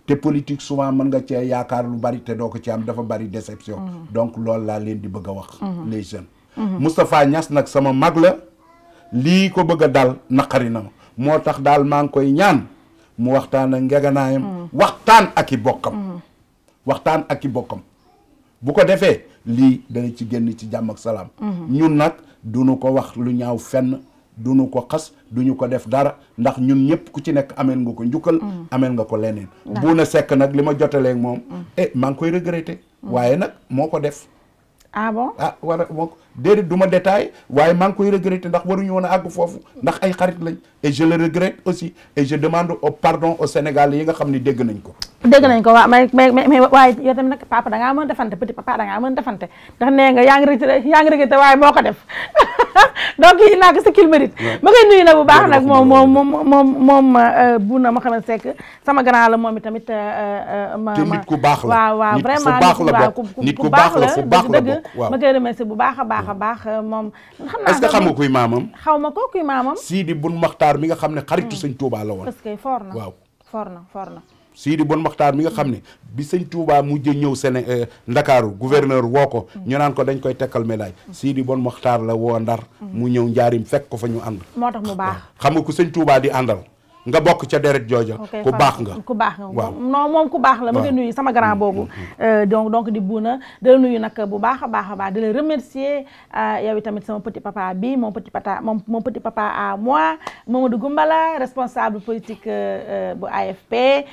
[SPEAKER 2] te politique souvent mën nga cee yaakaar lu bari te doo ko ci am dafa bari déception. donc lool laa leen di bëgg wax. les jeunes.
[SPEAKER 3] Moustapha
[SPEAKER 2] Niass nag sama mag la lii ko bë a dal na moo tax daal maa ngi koy ñaan mu waxtaan ak ngeganaayam mm. waxtaan ak i bokkam mm. ak i bokkam bu ko defee lii dana ci génn ci jàmm ak salaam mm-hmm. ñun nag duñu ko wax lu ñaaw fenn duñu ko xas duñu ko def dara ndax ñun ñëpp ku ci nekk ameel nga ko njukkal mm. ameel nga ko leneen bu na sekk nag li ma jotalee moom eh, maa ngi koy regretté waaye nag moo ko def ah bon ah moo ko déedéet du ma détail waaye maa ngi koy regretter ndax waruñu woon a àgg foofu ndax ay xarit lañ et je le regrette aussi et je demande au pardon au Sénégal yi nga xam ni dégg nañ ko
[SPEAKER 1] dégg nañ ko waaw mais mais mais waaye yow tamit nag papa da ngaa mën defante petit papa da ngaa mën defante ndax nee nga yaa ngi regretté waaye moo ko def donc yi naa ko ce qu'il ma koy nuyu bu baax nag moom moom moom moom moom euh, Bouna Mouhamed Seck sama grand la moom i tamit euh, euh, ma nit ku baax la waaw waaw vraiment nit la ku baax la dëgg ma koy remercier bu baax a a baax euh, moom. xam naa est xam nga koy maamam. xaw ma ko kuy maamam.
[SPEAKER 2] Sidi Bun Maxtaar mi nga xam ne xaritu mm. sëñ Touba la woon.
[SPEAKER 1] waaw for na for
[SPEAKER 2] Sidi Bun Maxtaar mi nga xam ne bi sëñ mu mujjee ñëw Séné euh, Ndakaaru gouverneur woo ko. Mm. ñu naan ko dañ koy tekkal médaille. Mm. Sidi Bun Maxtaar la woo Ndar. mu ñëw njaarim fekk ko fa ñu ànd. moo tax mu baax xam nga ko sëñ Touba di àndal. nga bokk ca deret jooja ku baax nga ku
[SPEAKER 1] baax nga waaw non moom ku baax la ma ngi nuyu sama grand mm-hmm. boobu mm-hmm. Euh, donc donc di buuna di la nuyu nag bu baax a baax a baax di la remercier euh, yow itamit sama petit papa bi moom petit papa moom moom petit papa à moi Mamadou Goumbala responsable politique euh, bu AFP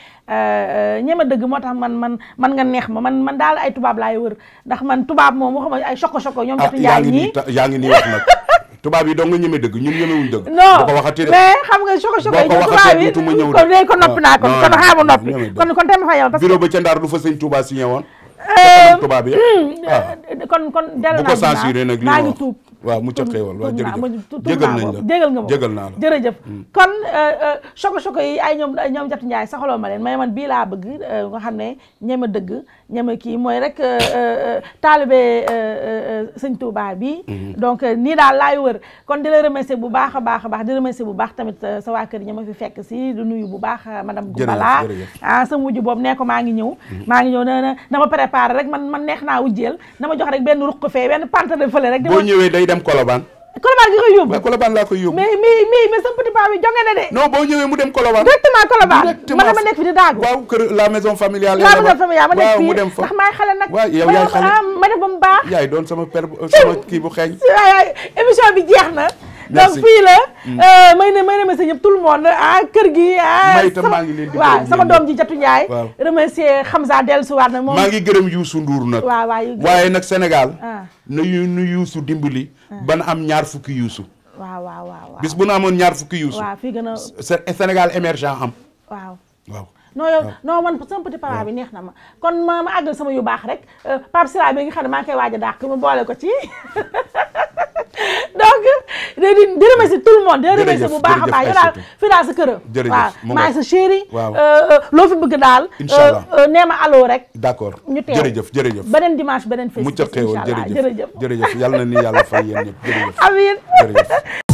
[SPEAKER 1] ñema dëgg moo tax man man man nga neex ma man man daal ay tubaab laay wër ndax man tubaab moom waxuma ay choco choco ñoom ah, jotu njaay
[SPEAKER 2] yaa ngi nii wax nag tubaab yi doo nga ñeme dëgg ñun ñemewuñ dëgg non ko waxati mais
[SPEAKER 1] xam nga soko soko yi
[SPEAKER 2] tubaab yi kon léegi kon ma noppi
[SPEAKER 1] kon kon tey ma fa yow parce que bureau
[SPEAKER 2] ba ca Ndar lu fa woon
[SPEAKER 1] euh, tubaab yi hmm, ah. euh, kon kon dellu ko censuré nag li
[SPEAKER 2] waaw mu ca xéewal waaw jërëjëf jégal nañ la jégal nga ma naa la
[SPEAKER 1] jërëjëf hmm. kon soko euh, soko yi ay ñoom ñoom jatu Njaay saxaloo ma leen mais man bii laa bëgg nga xam ne ñeme dëgg ñeme kii mooy rek euh, euh, euh, taalibe sëñ Touba bi mhm. donc nii daal laay wër kon di la bu baax a baax a baax di remercier bu baax tamit sa waa kër ña ma fi fekk si du nuyu bu baax madame Goumbala ah sa wujju boobu nekk ko maa ngi ñëw mhm. maa ngi ñëw na na na ma préparé rek man man neex naa wujjeel na ma jox rek benn ruq fee benn pante de fële rek boo ñëwee
[SPEAKER 2] day dem Colobane
[SPEAKER 1] Colobane nga koy yóbbu waaw Colobane laa koy yóbbu. mais mais mais mais sama de. non boo ñëwee mu dem
[SPEAKER 2] Colobane. directement Colobane directement man dama nekk fi di waaw kër la maison familiale. la maison familiale ma nekk fii waaw mu dem fa ndax
[SPEAKER 1] maay xale yaay ma def ba mu yaay
[SPEAKER 2] doon sama père sama kii bu xeeñ.
[SPEAKER 1] émission bi jeex na. donc fii la mm. euh, may ne may na message ñëpp tout le ah kër gi ah
[SPEAKER 2] waaw sama doom ji
[SPEAKER 1] Jatu Njaay remercier Hamza dellusiwaat na moom maa ngi
[SPEAKER 2] gërëm Youssou nduur nag waaw waaye nag Sénégal ah. na yu nu Youssou dimbali ah. ban am ñaar fukki Youssou
[SPEAKER 1] waaw waaw bis bu nu amoon ñaar
[SPEAKER 2] fukki Youssou waaw
[SPEAKER 1] fii gën a
[SPEAKER 2] Sénégal émergent am
[SPEAKER 1] non yow ah. non man sama petit papa ah. bi neex na ma kon ma ma àggal sama yu baax rek euh, Pape Sira bi nga xam ne maa ngi koy waaj a dàq boole ko ci donc di di remercier tout le monde di remercier bu baax a baax yow daal daal sa kër waaw maay sa chéri euh, euh, loo fi bëgg daal inchallah nee ma allo rek
[SPEAKER 2] d'accord ñu teew jërëjëf jërëjëf beneen
[SPEAKER 1] dimanche beneen festival mu ca xewoon jërëjëf
[SPEAKER 2] jërëjëf yàlla na ni yàlla fay yéen ñëpp jërëjëf
[SPEAKER 1] amiin